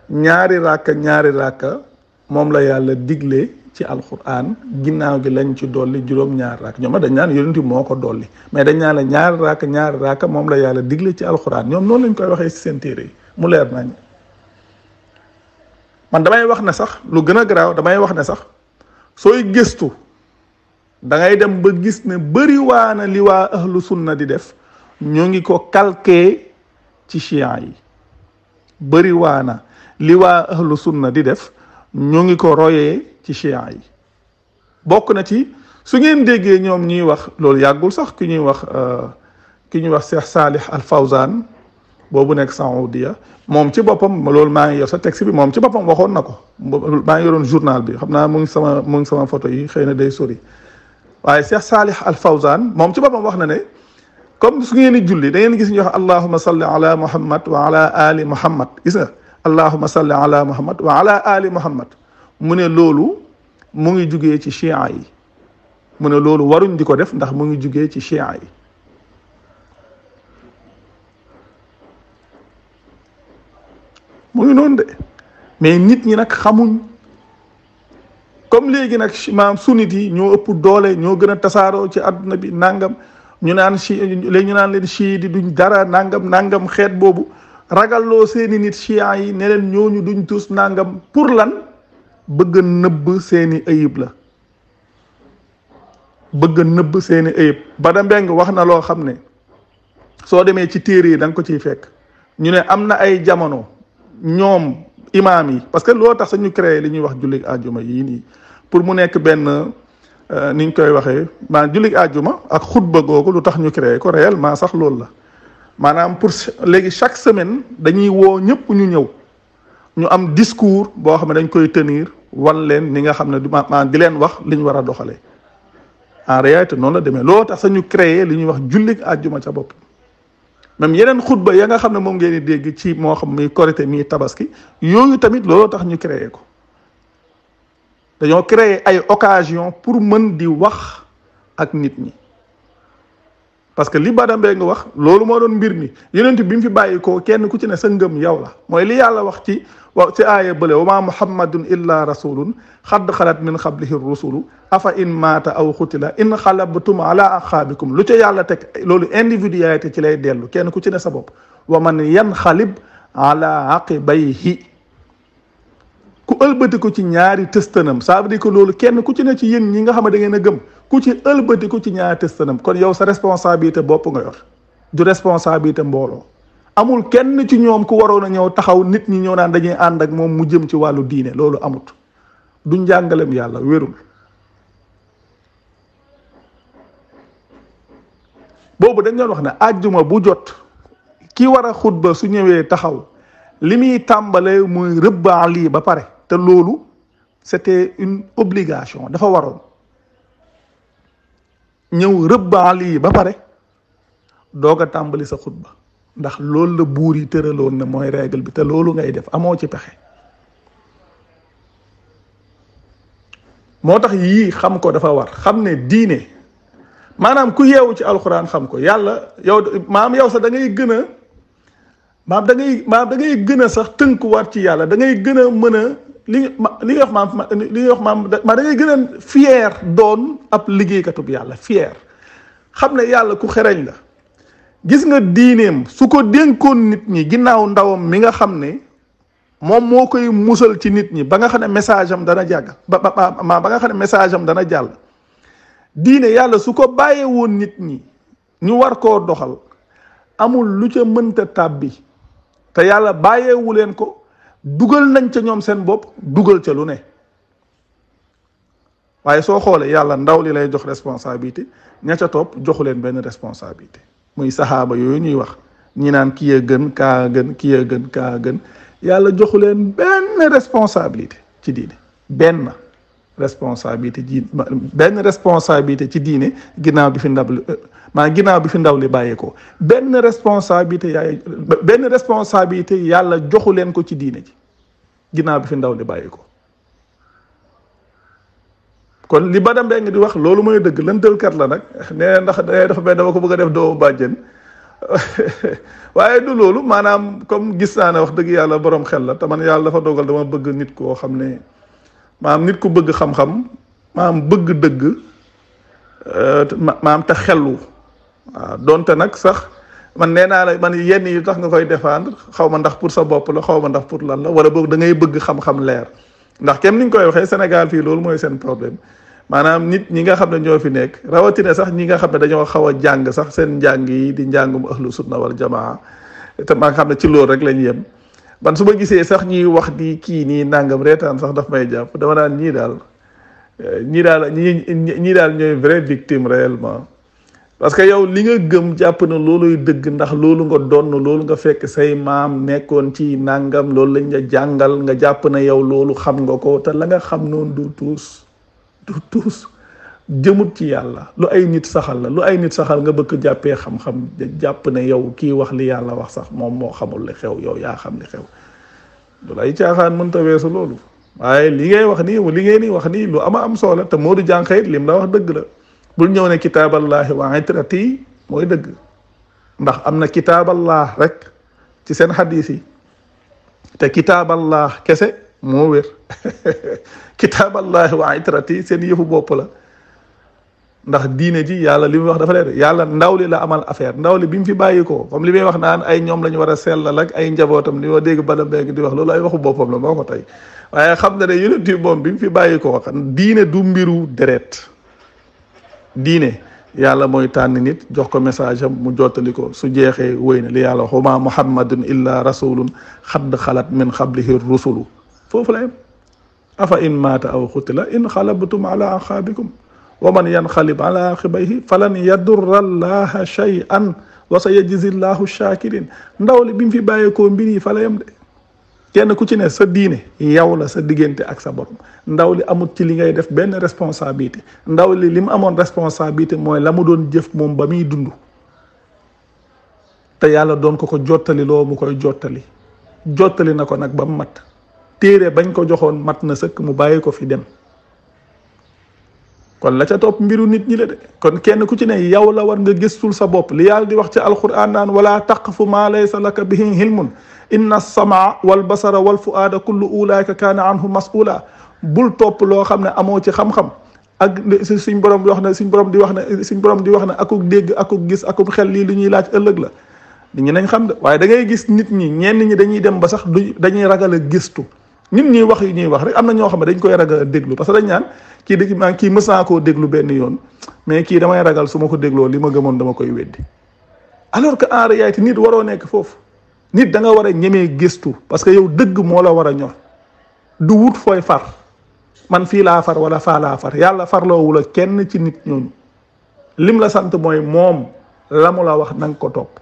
ñaari ñaari ràkka moom la yàlla digle ci alquran ginnaaw gi lañ ci dolli juróom-ñaari ràkk ñoom dañ naan yonent moo ko dolli mais dañ naan la ñaari ràkk ñaari ràkk moom la yàlla digle ci alquran ñoom noonu lañ koy waxee si seen téere yi mu leer nañ man damay wax ne sax lu gën a garaaw damay wax ne sax sooy gëstu da ngay dem ba gis ne bëri waana li waa ahlu sunna di def ñu ngi ko calqué ci chiites yi bëri waana li waa ahlu sunna di def ñu ngi ko royee ci chiites yi bokk na ci su ngeen déggee ñoom ñuy wax loolu yàggul sax ki ñuy wax euh, ki ñuy wax Cheikh Salih Al Fawzan boobu nekk Saoudia moom ci boppam loolu maa ngi yor sa texte bi moom ci boppam waxoon na ko maa ngi yoroon journal bi xam naa mu ngi sama mu ngi sama photo yi xëy na day sori waye Cheikh Salih Al Fawzan mom ci bopam wax na ne comme su ngeen ni julli da ngeen gis ñu wax allahumma salli ala muhammad wa ala ali muhammad gis nga allahumma salli ala muhammad wa ala ali muhammad mu ne loolu mu ngi jugee ci shia yi mu ne loolu waruñ diko def ndax mu ngi jugee ci shia yi mu ngi non de mais nit ñi nak xamuñ comme léegi nag maam sunnit yi ñoo ëpp doole ñoo gën a tasaaroo ci àdduna bi nangam ñu naan chi léegi ñu naan leen chi di duñ dara nangam nangam xeet boobu ragalloo seeni nit chiyan yi ne leen ñooñu duñ tus nangam pour lan bëgg nëbb seeni ayib la bëgg nëbb seeni ayib Bada Mbeng wax na loo xam ne soo demee ci téere yi danga ko ciy fekk ñu ne am na ay jamono ñoom imaam yi parce que loo tax sañu ñu créé li ñuy wax jullit ajuma yii nii pour mu nekk benn euh, ni ñu koy waxee maanaam jullit ajuma ak xutba googu lu tax ñu créé ko réellement sax loolu la maanaam pour léegi chaque semaine dañuy woo ñëpp ñu ñëw ñu am discours boo xam ne dañ koy tenir wan leen ni nga xam ne du di leen wax li ñu war a doxalee en noonu la demee loo tax sax ñu créé li ñuy wax jullit ajuma ca bopp. même yenen khutba ya nga xamne mom ngeen di deg ci mo xam mi korité mi tabaski yoyu tamit lolo tax ñu créer ko dañu créer ay occasion pour mën di wax ak nit ñi parce que li badambe nga wax loolu mo don mbir mi yonent bi fi baye ko kenn ku ci ne sa ngeum yaw la moy li yàlla wax ci wa ci aya bële wa muhammadun illa rasulun khad khalat min qablihi ar-rusul afa in mata aw xutila in khalabtum ala aqabikum lu ci yàlla tek loolu individualité ci lay delu kenn ku ci ne sa bop wa man yan khalib ala aqibaihi ku ëlbati ko ci ñaari tëstanam sa veut dire que loolu kenn ku ci ne ci yéen ñi nga xam da ngay na gëm ku ci ëlbati ku ci ñaari testanam kon yow sa responsabilité bopp nga yor du responsabilité mbooloo amul kenn ci ñoom ku waroon a ñëw taxaw nit ñi ñëw naan dañuy ànd ak moom mu jëm ci wàllu diine loolu amut du njàngalem yàlla wérul boobu dañ doon wax ne àjjuma bu jot ki war a xutba su ñëwee taxaw li muy tàmbalee muy rëbbaa lii ba pare te loolu c'était une obligation dafa waroon ñëw rëbb yi ba pare doog a tàmbali sa xutba ndax loolu la buur yi tëraloon na mooy règle bi te loolu ngay def amoo ci pexe moo tax yii xam ko dafa war xam ne diine maanaam ku yeewu ci alxuraan xam ko yàlla yow maam yow sax dangay ngay gën a maam da ngay maam da ngay gën a sax tënkuwaat ci yàlla da ngay gën a mën a li nga wax maam li nga wax maam ma da ngay gën a fier doon ab liggéeykatub yàlla fier xam ne yàlla ku xereñ la gis nga diineem su ko dénkoon nit ñi ginnaaw ndawam mi nga xam ne moom moo koy musal ci nit ñi ba nga xam ne message am dana jàgg ba ba ba nga xam ne message am dana jàll diine yàlla su ko bàyyee woon nit ñi ñu war koo doxal amul lu ca mënta tàbbi te yàlla bàyyeewu leen ko dugal nañ ca ñoom seen bopp dugal ca lu ne waaye soo xoolee yàlla ndaw li lay jox responsabilité ña ca topp joxu leen benn responsabilité muy saxaaba yooyu ñuy wax ñi naan kii a gën kaa gën kii a gën kaa gën yàlla joxu leen benn responsabilité ci diine benn. responsabilité ji benn responsabilité ci diine ginnaaw bi fi ndab maa ginnaaw bi fi ndaw li bàyyee ko benn responsabilité yaay benn responsabilité yàlla joxu leen ko ci diine ci ginnaaw bi fi ndaw li bàyyee ko kon li Bada Mbengue di wax loolu mooy dëgg lëntalkat la nag nee ndax dafa mel dama ko bëgg a def doo bàjjen waaye du loolu maanaam comme gis naa ne wax dëgg yàlla borom xel la te man yàlla dafa dogal dama bëgg nit koo xam ne maam nit ku bëgg xam-xam maam bëgg dëgg euh, maam te xellu waaw donte nag sax man nee naa la man yenn yi tax nga koy défendre xaw ma ndax pour sa bopp la xaw ma ndax pour lan la wala boog da ngay bëgg xam-xam leer ndax kenn ni ñu koy waxee Sénégal fii loolu mooy seen problème maanaam nit ñi nga xam ne ñoo fi nekk rawatina sax ñi nga xam ne dañoo xaw a jàng sax seen njàng yi di njàngum ahlu sunna wal jamaa te maa nga xam ne ci loolu rek lañu yem ban su ma gisee sax ñi wax di kii nii nangam reetaan sax daf may jàpp dama daan ñii daal ñii daal ñii ñii daal ñooy vraie victime réellement parce que yow li nga gëm jàpp na looluy dëgg ndax loolu nga donn loolu nga fekk say maam nekkoon ci nangam loolu lañ la jàngal nga jàpp na yow loolu xam nga ko te la nga xam noon du tuus du tuus jëmut ci yàlla lu ay nit saxal la lu ay nit saxal nga bëgg jàppee xam-xam jàpp ne yow kii wax li yàlla wax sax moom moo xamul li xew yow yaa xam li xew du lay caaxaan mënta weesu loolu waaye lii ngay wax nii li ngeen di wax nii lu ama am solo te Modou Diankha it lim la wax dëgg la bu ñëw ne kitaaballahi wa itrati mooy dëgg ndax am na kitaaballah rek ci seen xadis yi te kitaaballah kese moo wér kitaaballahi waa itrati seen yëfu bopp la ndax diine ji yàlla limi wax dafa leer yàlla ndawli la amal affaire ndawli bimu fi bayiko ko comme li wax naan ay ñom lañu wara war ak ay njabootam li ma dégg bala beeg di wax lolu ay waxu bopam la moko tay waye xam na ne yonent yi bimu fi bayiko wax diine du mbiru deret diine yàlla moy tan nit jox ko message am mu jotaliko su jeexee wéy li yàlla huma muhammadun illa rasulun khad khalat min qablihi ar-rusul fofu lay afa in mata aw xutila in khalabtum ala aqaabikum ومن ينقلب على عقبيه falan yadurra allaha shay'an wa sayajzi llahu shakirin ndaw li bi mu fi bàyyeekoo mbir yi fa la yem de kenn ku ci ne sa diine yow la sa diggante ak sa borom ndaw li amut ci li ngay def benn responsabilité ndaw li li mu amoon responsabilité mooy la mu doon jëf moom ba muy dund te yàlla doon ko ko jottali loo mu koy jottali jottali na ko nag ba mu mat téere bañ ko joxoon mat na sëkk mu bàyyi ko fi dem kon la ca top mbiru nit ñi la de kon kenn ku ci ne yaw la war nga gëstul sa bop li yàlla di wax ci alquran nan wala taqfu ma laysa lak bihi hilmun inna as-sam'a wal basara wal fu'ada kullu ulaika kana anhu masula bul top lo xamne amo ci xam-xam ak suñ borom di wax na suñ borom di wax na suñ borom di wax na akuk deg akuk gis akuk xel li lu ñuy laaj ëllëg la ñi nañ xam de waye da ngay gis nit ñi ñenn ñi dañuy dem ba sax dañuy ragal gëstu nit ñi wax yu ñuy wax rek amna ño xam dañ koy ragal déglu parce que dañ naan kii dëgg maa kii mës naa koo déglu benn yoon mais kii damay ragal su ma ko dégloo li ma gëmoon dama koy weddi alors que yaay réalité nit waroo nekk foofu nit danga war a ñemee gëstu parce que yow dëgg moo la war a ñor du wut fooy far man fii laa far wala faa laa far yàlla farloowu la kenn ci nit ñooñu lim la sant mooy moom la mu la wax na nga ko topp.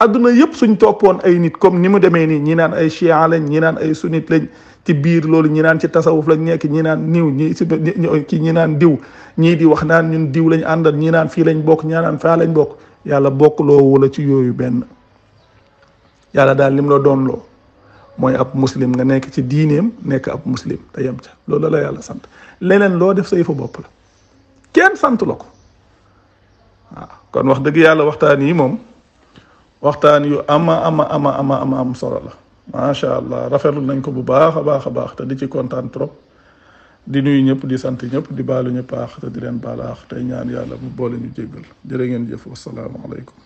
adduna yëpp suñ toppoon ay nit comme ni mu demee nii ñi naan ay chian lañ ñi naan ay sunnit lañ. ci biir loolu ñi naan ci tasawuf lañ nekk ñi naan niw ñi si ki ñi naan diw ñii di wax naan ñun diw lañu àndal ñi naan fii lañ bokk ñi naan faa lañ bokk yàlla bokk loo wala ci yooyu benn yàlla daal lim la doon loo mooy ab muslim nga nekk ci diineem nekk ab muslim te yem ca loolu la yàlla sant leneen loo def sa yëfu bopp la kenn sant la ko kon wax dëgg yàlla waxtaan yi moom waxtaan yu ama ama ama ama ama am solo la macha allah rafetlu nañ ko bu baax a baax a baax te di ci kontaan trop di nuyu ñëpp di sant ñëpp di baalu ñëpp aax te di leen baal aax tey ñaan yàlla mu boole ñu jéggal jërë ngeen jëf wasalaamaaleykum